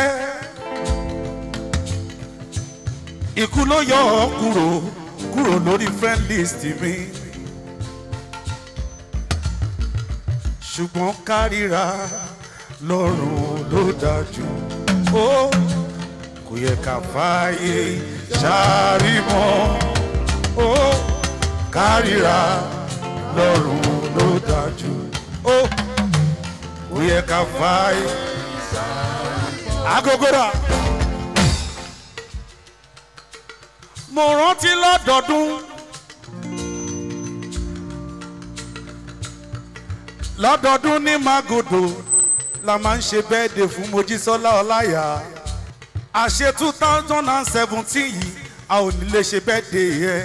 ikú ló yọ ọ́ kúrò kúrò lórí friend list mi. ṣùgbọ́n kárìíra lọ́rùn ló dájú ó kò yẹ ká fààyè ṣàrímọ́ ó kárìíra lọ́rùn ló dájú ó kò yẹ ká fàáyé agogora. mo rántí lọ́dọọdún lọ́dọọdún ní magodo la máa ń ṣe bẹ́ẹ̀dẹ̀ fún Mojísọ́lá Ọláyà àṣe two thousand and seventeen yìí a ò ní lè ṣe bẹ́ẹ̀ dé ẹ.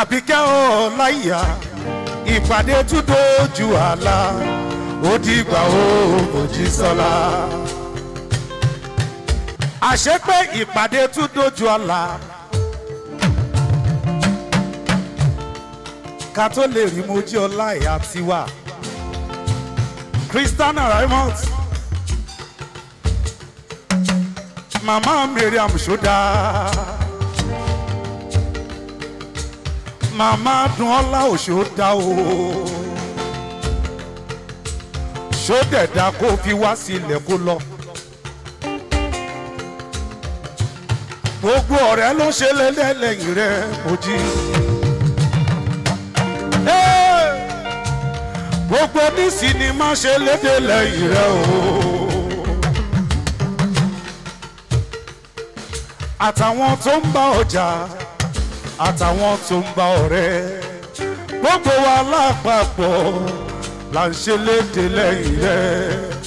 àbíkẹ́ ọláìyá ìpàdé tún dojú àlá ó dìgbà ó òjì sọlá. àṣé pé ìpàdé tún dojú àlá. ká tó lè rí mojí ọláìyá tiwa. Christiana Raymond. mama miriam soda mama dunọla osoda o sódẹ̀dá kó fi wá sílẹ̀ kó lọ. gbogbo ọ̀rẹ́ ló ń ṣe lẹ́lẹ́lẹ́yìn rẹ̀ Mojí. gbogbo ní sinimá ṣe lédè lẹ́yìn rẹ̀ o. àtàwọn tó ń bá ọjà àtàwọn tó ń bá ọ̀rẹ́ gbogbo wa lápapọ̀ là ń ṣe léde lẹ́yìn rẹ̀.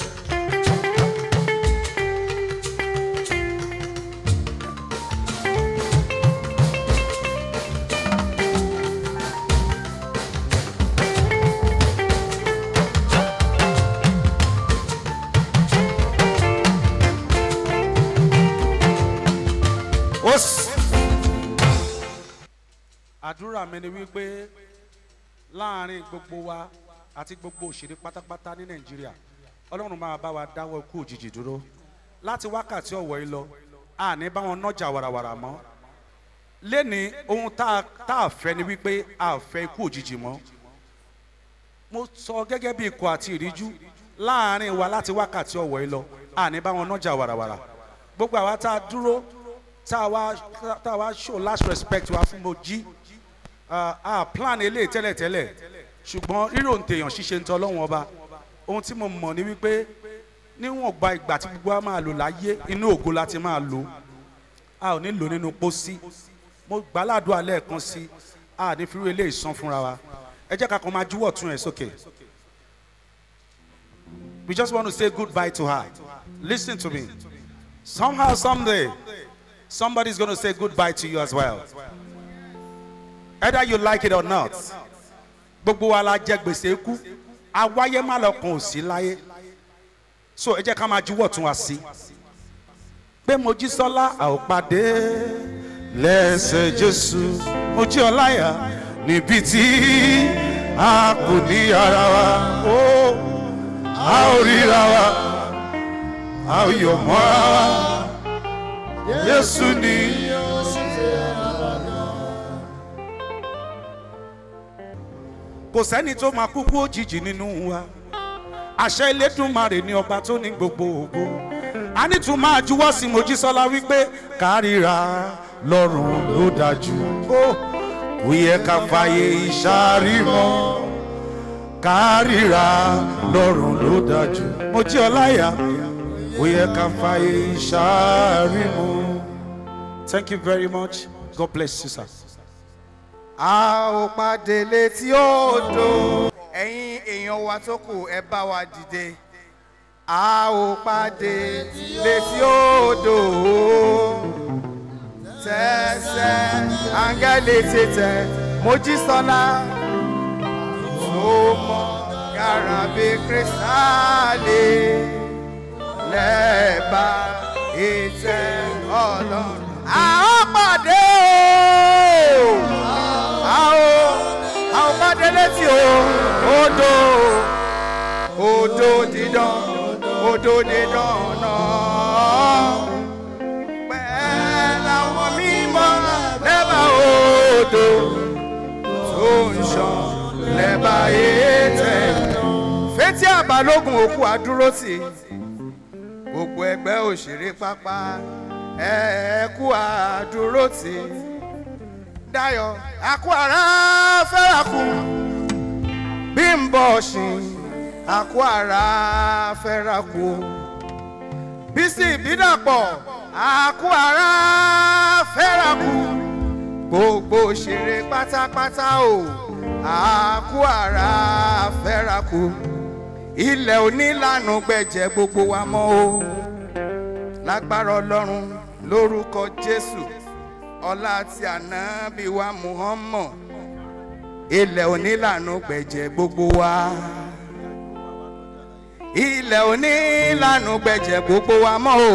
ni wípé láàrin gbogbo wa àti gbogbo òṣèré pátápátá ní nàìjíríà ọlọ́run máa bá wa dáwọ́ ikú òjijì dúró láti wákàtí ọ̀wọ́ yìí lọ àní bá wọn nọ́jà wàràwàrà mọ́ lénìí ohun tá a fẹ́ ni wípé a fẹ́ ikú òjijì mọ́ mo sọ gẹ́gẹ́ bí ikọ̀ àti ìríjú láàrin wa láti wákàtí ọ̀wọ́ yìí lọ àní bá nọ́jà wàràwàrà gbogbo àwa tá a dúró tá a wá show last respect wa fún Mojí a plan eléyìí tẹ́lẹ̀tẹ́lẹ̀ ṣùgbọ́n rírò ń tèèyàn ṣíṣe ń tọ́ ọlọ́run ọba ohun tí mo mọ̀ ni wípé níwọ̀n gba ìgbà tí gbogbo wa máa lò láyé inú ògo la ti máa lò a ò ní lò nínú pósí mo gbàládùn alẹ́ kan sí a ní fi eléyìí san fúnra wa ẹ jẹ́ ká kàn máa júwọ́ tún ẹ̀ sókè. We just want to say goodbye to her. Listen to me. Somehow, someday, somebody's going to say goodbye to you as well either you like it or not gbogbo wa la jẹ gbèsè kú awáyé má lọ kàn ó láyé so ẹ jẹ́ ká máa juwọ́ tún wa sí pé Mojísọ́lá àòpàdé lẹ́sẹ̀ Jésù mojí ọláyà níbi tí a kò ní ara wa ó a ò ríra wa a ò yọ̀ mọ́ra wa Jésù ni yóò ṣe é. kò sẹ́ni tó máa kúkú òjijì nínú wa àṣẹ Elédùmarè ni ọba tó ní gbogbo a ní tún máa juwọ́ sí Mojísọ́lá wípé kárìíra lọ́rùn ló dájú kò yẹ ká fàyè ìṣàárí mọ́ lọ́rùn ló dájú Mojí Ọláìyá kò yẹ ká fàyè ìṣàárí Thank you very much. God bless you, sir a ò pàdé létí odò. ẹ̀yin èèyàn wa tó kù ẹ bá wa dìde. a ò pàdé létí odò. tẹ̀sẹ̀ áńgẹ́lì tètè mojísọ́lá tó mọ gàràbí kírísítálì lẹ́ẹ̀bà ìtẹ̀ ọlọ́run. a ò pàdé. létí o odò odò dídán odò dídán náà pẹ̀lú àwọn mímọ́ lẹ́bà odò tó ń ṣàn lẹ́bà ètẹ̀. fétí àbálógun òkú àdúró sí gbogbo ẹgbẹ́ òṣèré pápá ẹ̀ẹ́kú àdúró sí. Dayo, àkú ara fẹ́ràn kù bí n bọ̀ ṣìn àkó ara fẹ́ra kú bí sì bí àkó ara fẹ́ra kú gbogbo òṣèré pátápátá o àkó ara fẹ́ra kú ilẹ̀ onílànà gbẹ̀jẹ̀ gbogbo wa mọ́ o lágbára ọlọ́run lórúkọ jésù ọlá ti ànábì muhammad ilẹ̀ onílànà gbẹ̀jẹ̀ gbogbo wa ilẹ̀ onílànà gbẹ̀jẹ̀ gbogbo wa mọ́ o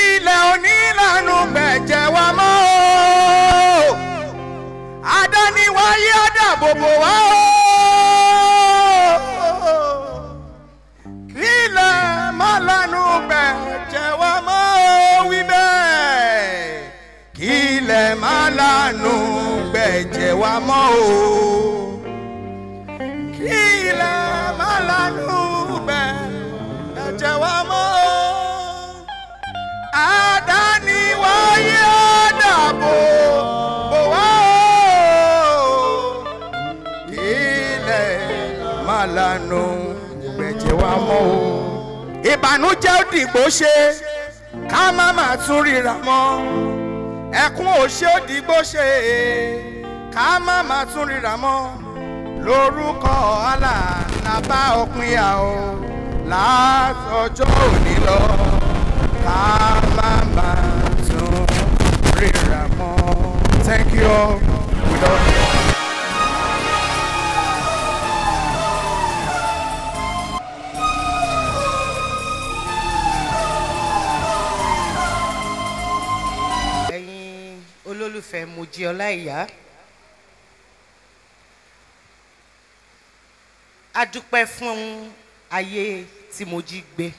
ilẹ̀ onílànà gbẹ̀jẹ̀ wa mọ́ o adániwáyé àdàbòbò wa o ilẹ̀ mọ́lànà gbẹ̀jẹ̀ wa mọ́ o wí bẹ́ẹ̀ kí ilẹ̀ má lànà ẹ̀jẹ̀ wa mọ́ o kí ilẹ̀ má lanú bẹ̀ ẹ̀jẹ̀ wa mọ́ o àdáni wáyé dàbò bò wá o kí ilẹ̀ má lanú ẹ̀jẹ̀ wa mọ́ o ìbànújẹ́ ó dìgbò ṣe ká má má tún ríra mọ́ ẹkún òṣè òdìgbò ṣe é ká má má tún ríra mọ́ lórúkọ àlà la bá òpin yà o látọjọ́ òní lọ ká má má tún ríra mọ́ thank you all we love you. olólùfẹ́ Mojí Ọláìyá a dúpẹ́ fún ayé tí mo jí gbé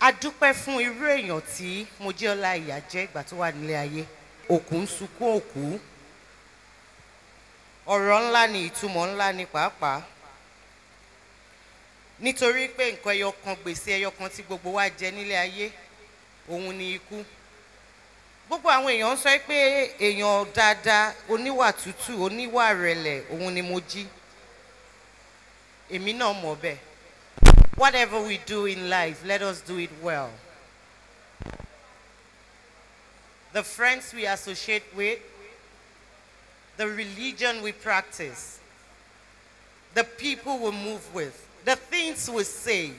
a dúpẹ́ fún irú èèyàn tí Mojíọ́lá Ìyà jẹ́ ìgbà tó wà nílé ayé òkú ń sunkún òkú ọ̀rọ̀ ńlá ni ìtumọ̀ ńlá ni pàápàá nítorí pé nǹkan ẹyọ gbèsè ẹyọ tí gbogbo wa jẹ nílé ayé òun ni ikú. gbogbo àwọn èèyàn sọ pé èèyàn dáadáa oníwà tútù oníwà rẹ̀lẹ̀ òun ni mo jí èmi náà mọ̀ bẹ́ẹ̀ whatever we do in life let us do it well the friends we associate with the religion we practice the people we move with the things we say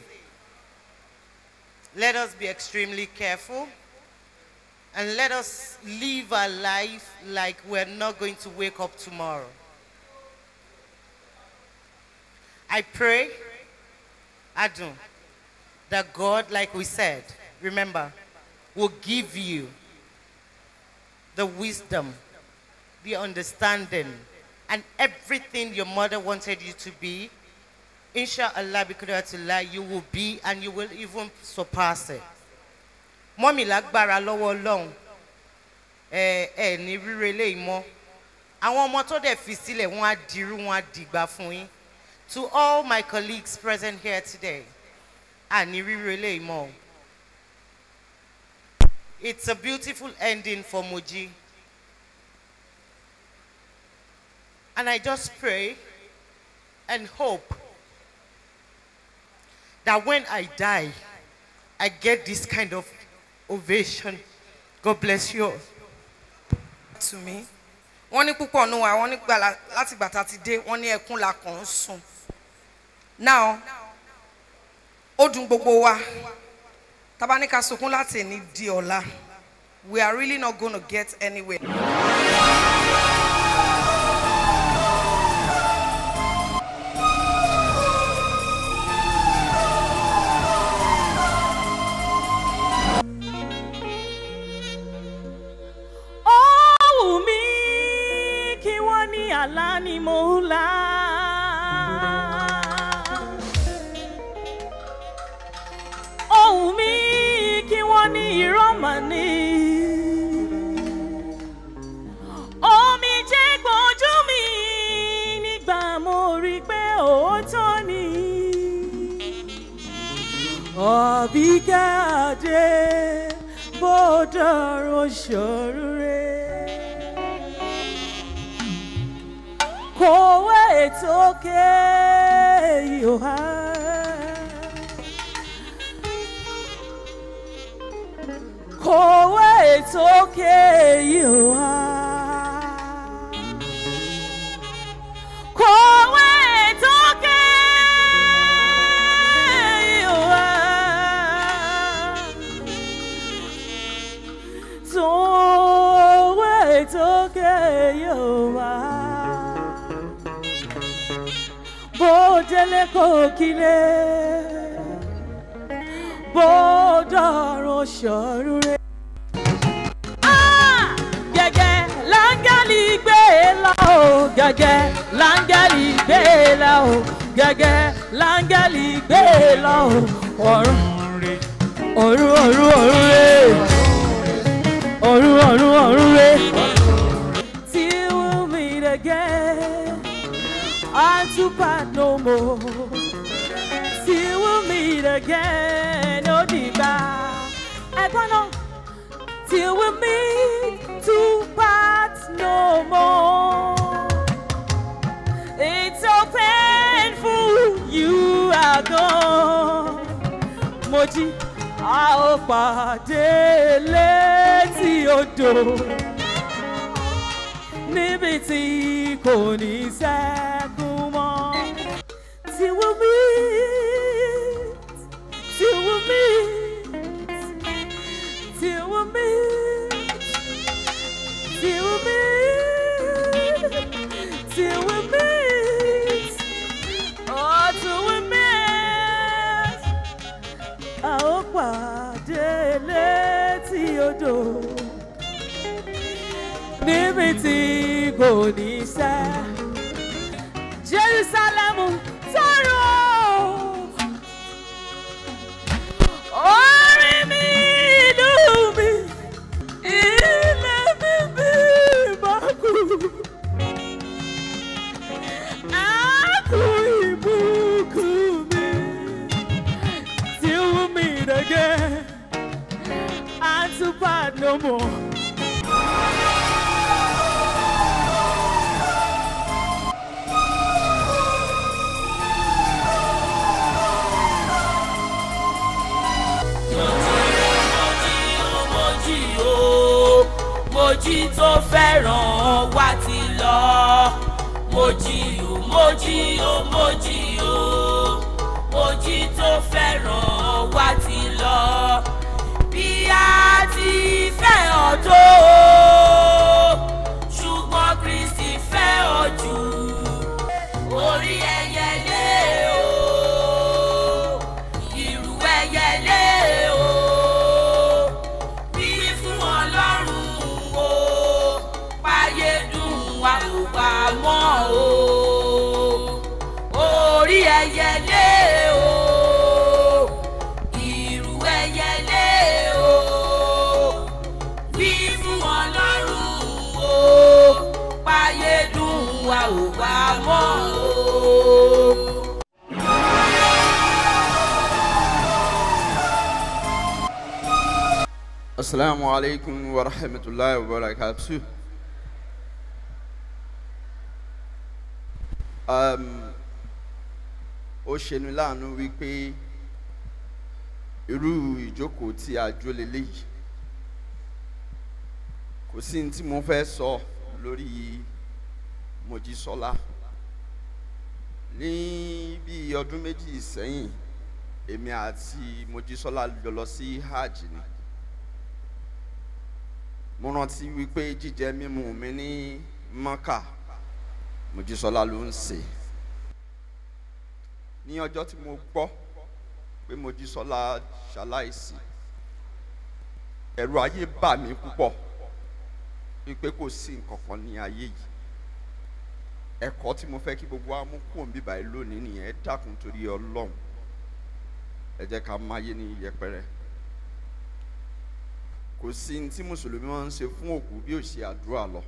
let us be extremely careful. And let us live our life like we're not going to wake up tomorrow. I pray, do, that God, like we said, remember, will give you the wisdom, the understanding, and everything your mother wanted you to be. Inshallah, because you will be and you will even surpass it. mọ́mì lágbára lọ́wọ́ ọlọ́run ẹ ẹ ní ríro eléyìí mọ́ àwọn ọmọ tó dẹ̀ fi sílẹ̀ wọ́n á dirú wọ́n á dìgbà fún yín to all my colleagues present here today àní ríro eléyìí mọ́ it's a beautiful ending for Moji and I just pray and hope that when I die I get this kind of ovation god bless you to me wọ́n ní púpọ̀ nù wa wọ́n ní gbà láti gbà tá a ti dé wọ́n ní ẹkún la kàn ń sùn now ó dùn gbogbo wa tábà ní ká sunkún láti ní di ọ̀la we are really not gonna get anywhere. Abigade Bodaro Shorure Kowe it's okay you are Kowe it's okay you are Kowe délé kò kílé bó dọ̀rùn ṣọ̀rùn rẹ̀. gẹ́gẹ́ láńgẹ́lì gbé e lọ o gẹ́gẹ́ láńgẹ́lì gbé e lọ o gẹ́gẹ́ láńgẹ́lì gbé e lọ o ọ̀run ọ̀run ọ̀run ọ̀run rẹ̀ ọ̀run ọ̀run ọ̀run rẹ̀. too bad no more. Till we'll meet again, oh I Odiba. Egbana, till we meet, too bad no more. It's so painful, you are gone. Moji, I'll pàdé létí odò. níbi koni kò Till we meet, till we meet, till we meet, till we meet, till we meet, oh, till we meet. A ó pàdé létí odò níbi tí kò ní sẹ́. Jerusalem. 不。Assalamu alaikum wa rahmatullahi wa barakatuh. Um, ó ṣeni láàánú wípé irú ìjókòó tí a jó leléyìí kò sí ní tí mo fẹ́ sọ lórí Mojísọ́lá ní bí ọdún méjì sẹ́yìn èmi àti Mojísọ́lá jọ lọ sí hajj ni mo rántí wípé jíjẹ mímu mi ní mọ́kà Mojísọ́lá ló ń ṣe ní ọjọ́ tí mo gbọ́ pé Mojísọ́lá ṣaláìsí ẹ̀rù ayé bà mí púpọ̀ wípé kò sí nǹkan kan ní ayé yìí ẹ̀kọ́ tí mo fẹ́ kí gbogbo wa mú kúrò níbí báyìí lónìí nìyẹn dákun torí Ọlọ́run ẹ jẹ́ ká máyé ní yẹpẹrẹ kò sí ní tí mùsùlùmí máa ń ṣe fún òkú bí ó ṣe àdúrà lọ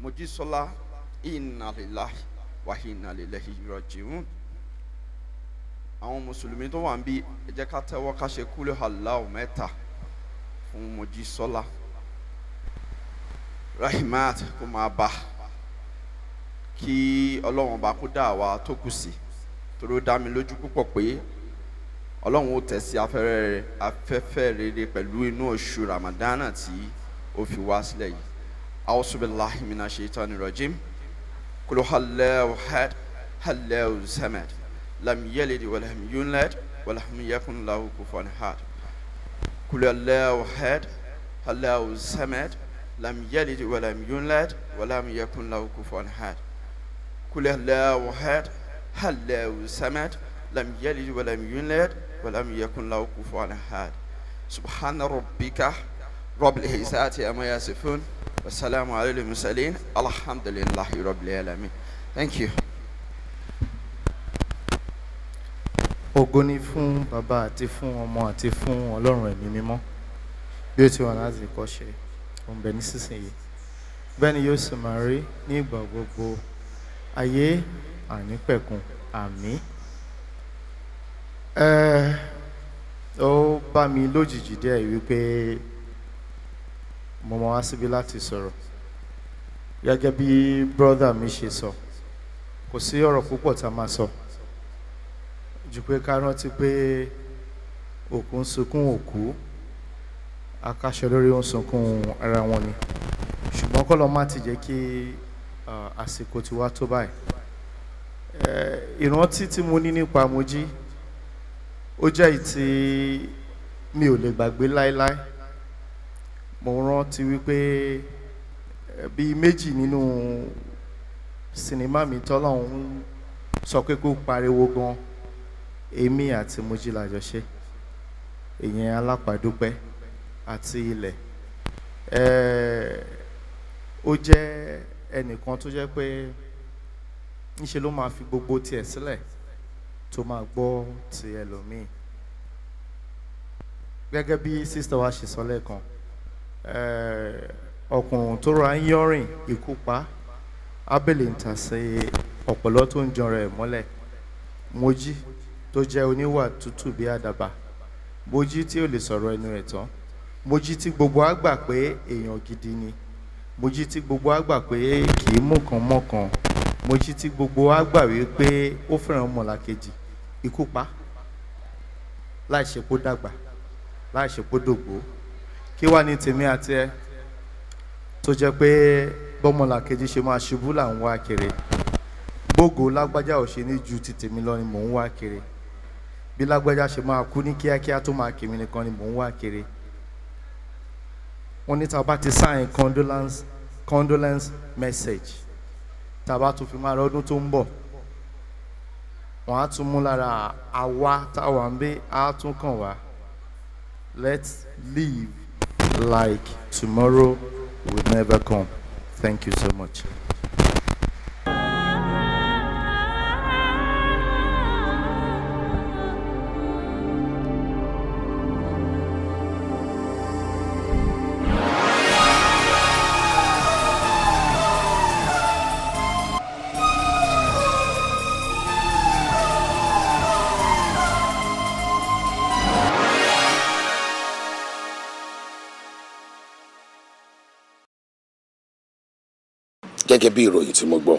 mojísọ́lá inna lillahi wa inna ilaihi raji'un àwọn mùsùlùmí tó wà ń bí ẹ jẹ́ ká tẹ́wọ́ ká ṣe kúlẹ̀ Allahu mẹ́ta fún mojísọ́lá rahimat kó máa bá kí ọlọ́wọ́n bá kó dá àwa tó kù sí torí ó dá mi lójú púpọ̀ pé ọlọ́run ó tẹ̀sí afẹ́fẹ́ rere pẹ̀lú inú oṣù ramadana tí ó fi wá sílẹ̀ yìí ausubillahi mina shaitani rajim kulu halẹ́wò had halẹ́wò samad lam yalid walam yunlad walam yakun lahu kufuwan had kulu halẹ́wò had halẹ́wò samad lam yalid walam yunlad walam yakun lahu kufuwan had kulu halẹ́wò had halẹ́wò samad lam yalid walam yunlad. ولم يكن له كفوا أحد سبحان ربك رب العزة عما يصفون والسلام على المرسلين الحمد لله رب العالمين thank you. ògo ni fún bàbá àti fún ọmọ àti fún ọlọ́run ẹ̀mí mímọ́ bí ó ti wà láti kọ́ ṣe òun bẹ̀ nísinsìnyí bẹ́ẹ̀ yóò sì máa rí ní ìgbà gbogbo ayé ànípẹ̀kun àmín ẹ ó bá mi lójijì díẹ̀ wípé mo mọ wá síbi láti sọ̀rọ̀ gẹ́gẹ́ bí brọ́dà mi ṣe sọ kò sí ọ̀rọ̀ púpọ̀ tá a máa sọ jù pé ká rántí pé òkú ń sunkún òkú akáṣọ lórí ń sunkún ara wọn ni ṣùgbọ́n kọ́ ló má ti jẹ́ kí àsìkò tiwa tó báyìí ìrántí tí mo ní nípa Mojí ó jẹ́ èyí tí mi ò lè gbàgbé láéláé mo rántí wípé eh, bí méjì nínú sinimá mi tọ́lọ́hún sọ pé kó pariwo gan èmi àti Mojìlá jọ ṣe ìyẹn alápàdúpẹ́ àti ilẹ̀ eh, ó jẹ́ ẹnìkan tó jẹ́ pé ńṣe ló máa fi gbogbo tiẹ̀ sílẹ̀. Si tó máa gbọ́ ti ẹlòmíì gẹ́gẹ́ bí sísítà wa ṣe sọ lẹ́ẹ̀kan eh, ọkùnrin tó ra ń yọrìn ikú pa abẹ́lẹ̀ ń tàsé ọ̀pọ̀lọ́ tó ń jọra ẹ̀ mọ́lẹ̀ mojí tó jẹ́ oníwà tútù bí àdàbà mojí tí ò lè sọ̀rọ̀ ẹnu ẹ̀ tán mojí tí gbogbo á gbà pé èèyàn gidi ni mojí tí gbogbo á gbà pé kì í mú mojí tí gbogbo á gbà wípé ó fẹ́ràn mọ̀làkejì ikú pa láì ṣe kó dàgbà láì ṣe kó dògbò kí wàá ní tèmi àti ẹ tó jẹ pé bọ́mọlà kejì ṣe máa ṣubú là ń wá kiri gbogbo lágbájá ò ṣe ní ju ti tèmi lọ ni mò ń wá kiri bí lágbájá ṣe máa kú ní kíákíá tó máa kí mi nìkan ni mò ń wá kiri wọ́n ní tá a bá ti sign condolence condolence message tá a bá tún fi máa rọ tó ń bọ̀ á tún mú lára bẹ á tún kàn wá let's live like tomorrow will never come thank you so much. gẹ́gẹ́ bí ìròyìn tí mo gbọ́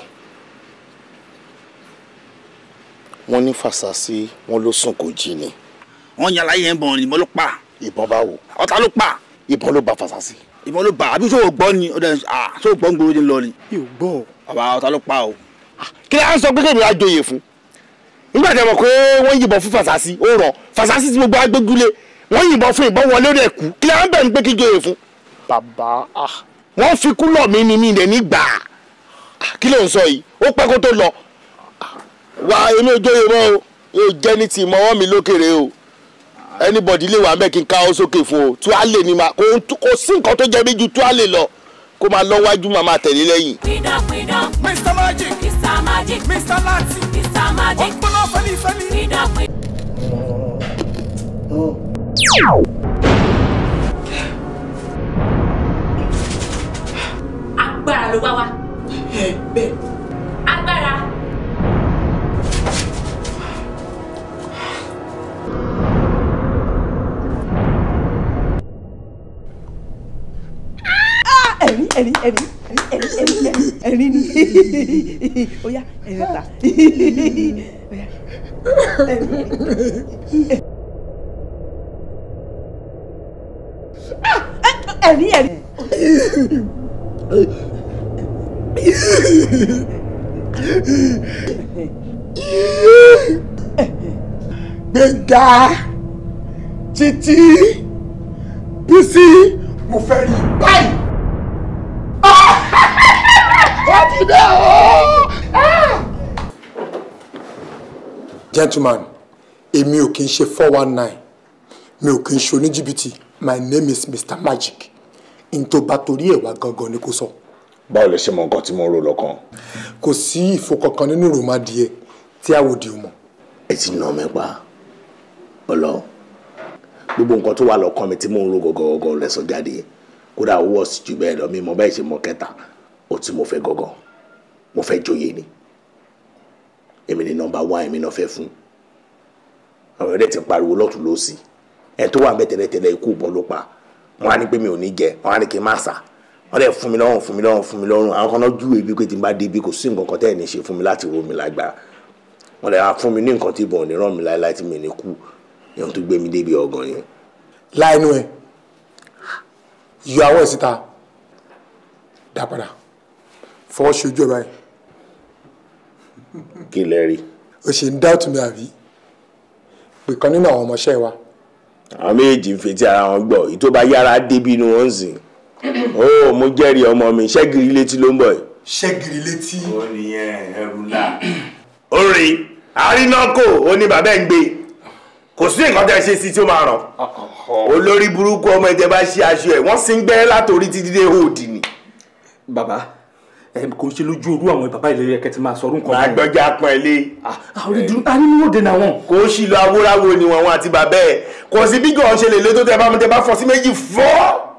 wọ́n ní fàṣàsí wọ́n ló sùn kò jí ni. wọ́n yan aláyẹ̀ ń bọ̀ ìbọn ló pa. ìbọn bá wò. ọ̀tá ló pa. ìbọn ló ba fàṣàsí. ìbọn ló ba àbí sóò gbọ́ ni ọ̀dọ̀ ah sóò gbọ́ ń gbòòrò ní lọ ni. yóò gbọ́. àbá ọ̀tá ló pa o. kí ni à ń sọ pé kéde àjòyè fún. nígbà tí a mọ̀ pé wọ́n yìnbọn fún fàṣàsí ó rọ̀ fàṣàsí ti gbogbo agbégúlé wọ́n yìnbọn fún ìbọn wọlé rẹ̀ kú kí ni à ń bẹ̀ ń pé kí jòyè fún. bàbá ah. wọ́n fi kúlọ̀ mi ni mi rẹ̀ nígbà kí ló ń sọ yìí ó pẹ́ kó tó lọ wá èmi ò jóye mọ́ o yóò jẹ́ ní ti ìmọ̀wọ́ mi lókèrè o anybody lè wà mẹ́ kí n ká ọ sókè fún o tuálè ni ma kò sí nǹkan tó jẹ́ bí ju tuálè lọ kó máa lọ wájú máa máa tẹ̀lé lẹ́yìn. Mr Magic Mr Magic Mr Lati Mr Magic ọ̀pọ̀lọ fẹ́lifẹ́li. pidán agbára ló wá wá ẹgbẹ́. agbára. ẹ̀rín ẹ̀rín ẹ̀rín ẹ̀rín ẹ̀rín ẹ̀rín ni ó yá ẹ̀rín ta ẹ̀rín ẹ̀rín gbẹ̀ngà títí bísí mo fẹ́ rí báyìí. Ah! gentleman èmi ò kí n ṣe four one nine mi ò kí n ṣe oníjìbìtì my name is mr magic n tó bá torí ẹ̀ wá gangan ni kò sọ. So báwo lè ṣe mọ nǹkan tí mo rò lọ́kàn. kò sí ìfò kankan nínú ròmádìẹ tí àwòdì ò mọ. ẹ ti nà mẹ́pa ọlọ gbogbo nǹkan tó wà lọ́kàn mi tí mò ń ro gọ̀gọ̀gọ̀ lẹ́sọ̀ jáde kódà owó ọ̀sì jù bẹ́ẹ̀ lọ mi mọ bẹ́ẹ̀ ṣe mọ kẹta ó tí mo fẹ́ gọ̀gọ̀ mo fẹ́ joyè ni èmi ni nọ́mbà wá èmi náà fẹ́ fún àwọn ẹ̀rẹ́ ti pariwo lọ́tún lọ́sì ẹ̀ tó wà mẹ́tẹ̀lẹ́tẹ̀lẹ́ ikú bọ́ ló pa wọn á ní pé mi ò ní jẹ wọn á ní kí n má sà wọ́n dẹ̀ fún mi lọ́rùn fún mi lọ́rùn fún mi lọ́rùn àwọn kan náà júwèé bí pé tí n bá dé ibi kò sí nǹkan kan tẹ́ ẹ̀ ní ṣe fún mi láti ro mi lágbà wọ́n dẹ̀ fún mi ní nǹkan tí ìbọn ò ní ràn mí láéláé tí mi ní kú ìyẹn tó gbé mi débi ọ̀gàn yẹn. láìnú ẹ yọ àwọn ẹ síta dá padà fọwọ́ ṣojú ẹ báyìí. kí lẹ rí. o ṣe ń dáàtú mi àbí pè kan nínú àwọn ọmọọṣẹ́ wa. àwọn méjì ń fetí ara wọn gbọ́ ó mo jẹ́rìí ọmọ mi ṣẹ́gìrì létí ló ń bọ̀ yìí. ṣẹ́gìrì létí. ó ní ẹrù ńlá. orin àrínákò oníbàbẹ́ ń gbé kò sí nǹkan tẹ́ ṣe sí tí ó máa ràn olórí burúkú ọmọ ẹ̀jẹ̀ bá ṣe aṣọ ẹ̀ wọ́n sì ń gbẹ́ látòrí títí dé òdì ni. bàbá kò ṣe lójú orú àwọn bàbá ìlérí ẹ̀kẹ́ ti máa sọ̀rọ̀ nǹkan. máa gbọ́jà pọn ẹ lé. arínúwòde náà wọn. kò sí lọ awóráwo ni wọn àti bàbá ẹ kò sí bí gàn ṣe lè lé tó tẹ bá mu tẹ bá fọ sí méjì fọ́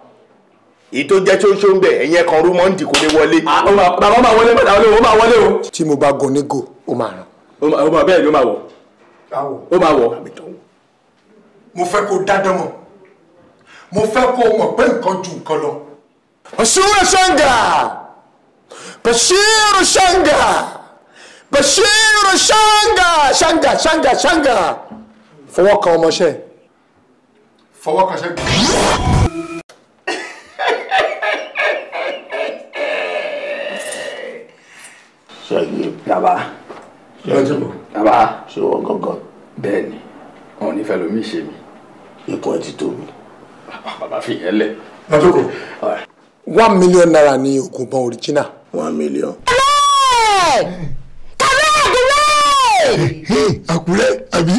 èyí tó jẹ́ ṣóńṣó ń bẹ̀ ẹ̀yìn ẹ̀kan rúmọ́ ń dì kó lè wọlé. Ah, bàbá máa wọlé bàbá ó máa wọlé o. tí mo bá gun nígò ó máa ràn. ó máa bẹ́ẹ̀ ni ó máa wọ̀ ó máa wọ̀. mo fẹ́ kó dájọ́ mọ̀ mo fẹ́ kó mọ̀ pé nǹkan ju nǹkan lọ. Bashir Shanga Bashir Shanga Bashir Shanga Shanga Shanga Shanga fọwọ́ kan ọmọṣẹ́. fọwọ́ kan ṣẹ́gun. Daba. Lọ́jọ́bọ̀. Bàbá. Ṣé wọ́n gangan? Bẹ́ẹ̀ni, wọn ò ní fẹ́ lomi ṣe mi. Ikùn ẹ ti tóbi. Bàbá fi yẹn lẹ̀. Lọ́jọ́bọ̀. One million naira ni ògùnbọn original. One million. Kàwé! Kàwé àdúrà! Àkúrẹ́ àbí?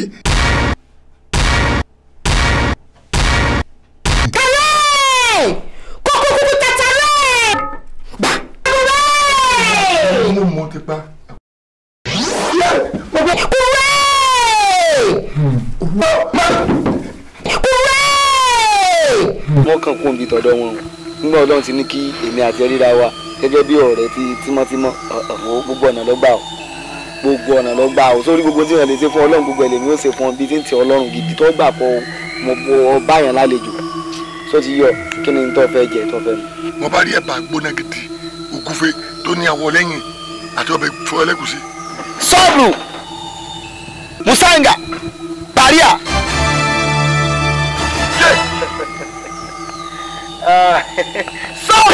nígbà ọlọ́run ti ní kí èmi àti ríra wa gẹ́gẹ́ bí ọ̀rẹ́ ti tímọ́tímọ́ ọ̀hún gbogbo ọ̀nà lọ́gbà o gbogbo ọ̀nà lọ́gbà o sórí gbogbo tí wọ́n lè ṣe fún ọlọ́run gbogbo ẹlẹ́mi ó ṣe fún ọ bí tí ọlọ́run gidi tó gbà pọ̀ mo bọ ọba yẹn lálejò só ti yọ kí ni tó fẹ́ jẹ tó fẹ́ mu. bá rí ẹ̀bà gbóná gidi ògúfe tó ní àwọ̀ lẹ́yìn àti ọbẹ̀ fún ẹlẹ́gùsí. sọ́ọ̀lù musanga paria Uh, <laughs> south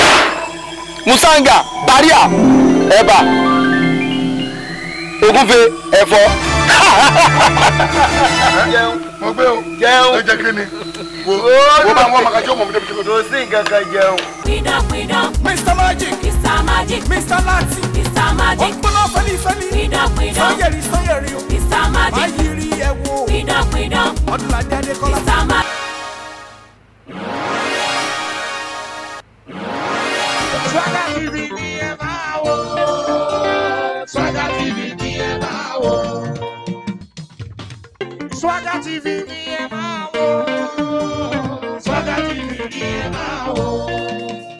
musanga baria ẹ̀bà ògúnfe ẹ̀fọ́. jẹun mo gbé o jẹun ẹ jẹ kí ni wo wo bá wọn màkàjọ mọ̀ mi débi tí kò tó. kò sí nǹkan kan jẹun. mr magic. mr magic. mr lati. mr magic. ọ̀pọ̀lọpọ̀ fẹ́lifẹ́li. pidọ̀pidọ̀. sọ́yẹ̀rì sọ́yẹ̀rì o. mr magic. má yiri ẹ̀ wo. pidọ̀pidọ̀. ọdún làdí adé kọ́lá. mr magic. Swagger, TV ni ẹ máa wò. Swaga TV ni ẹ máa wò. Swaga TV ni ẹ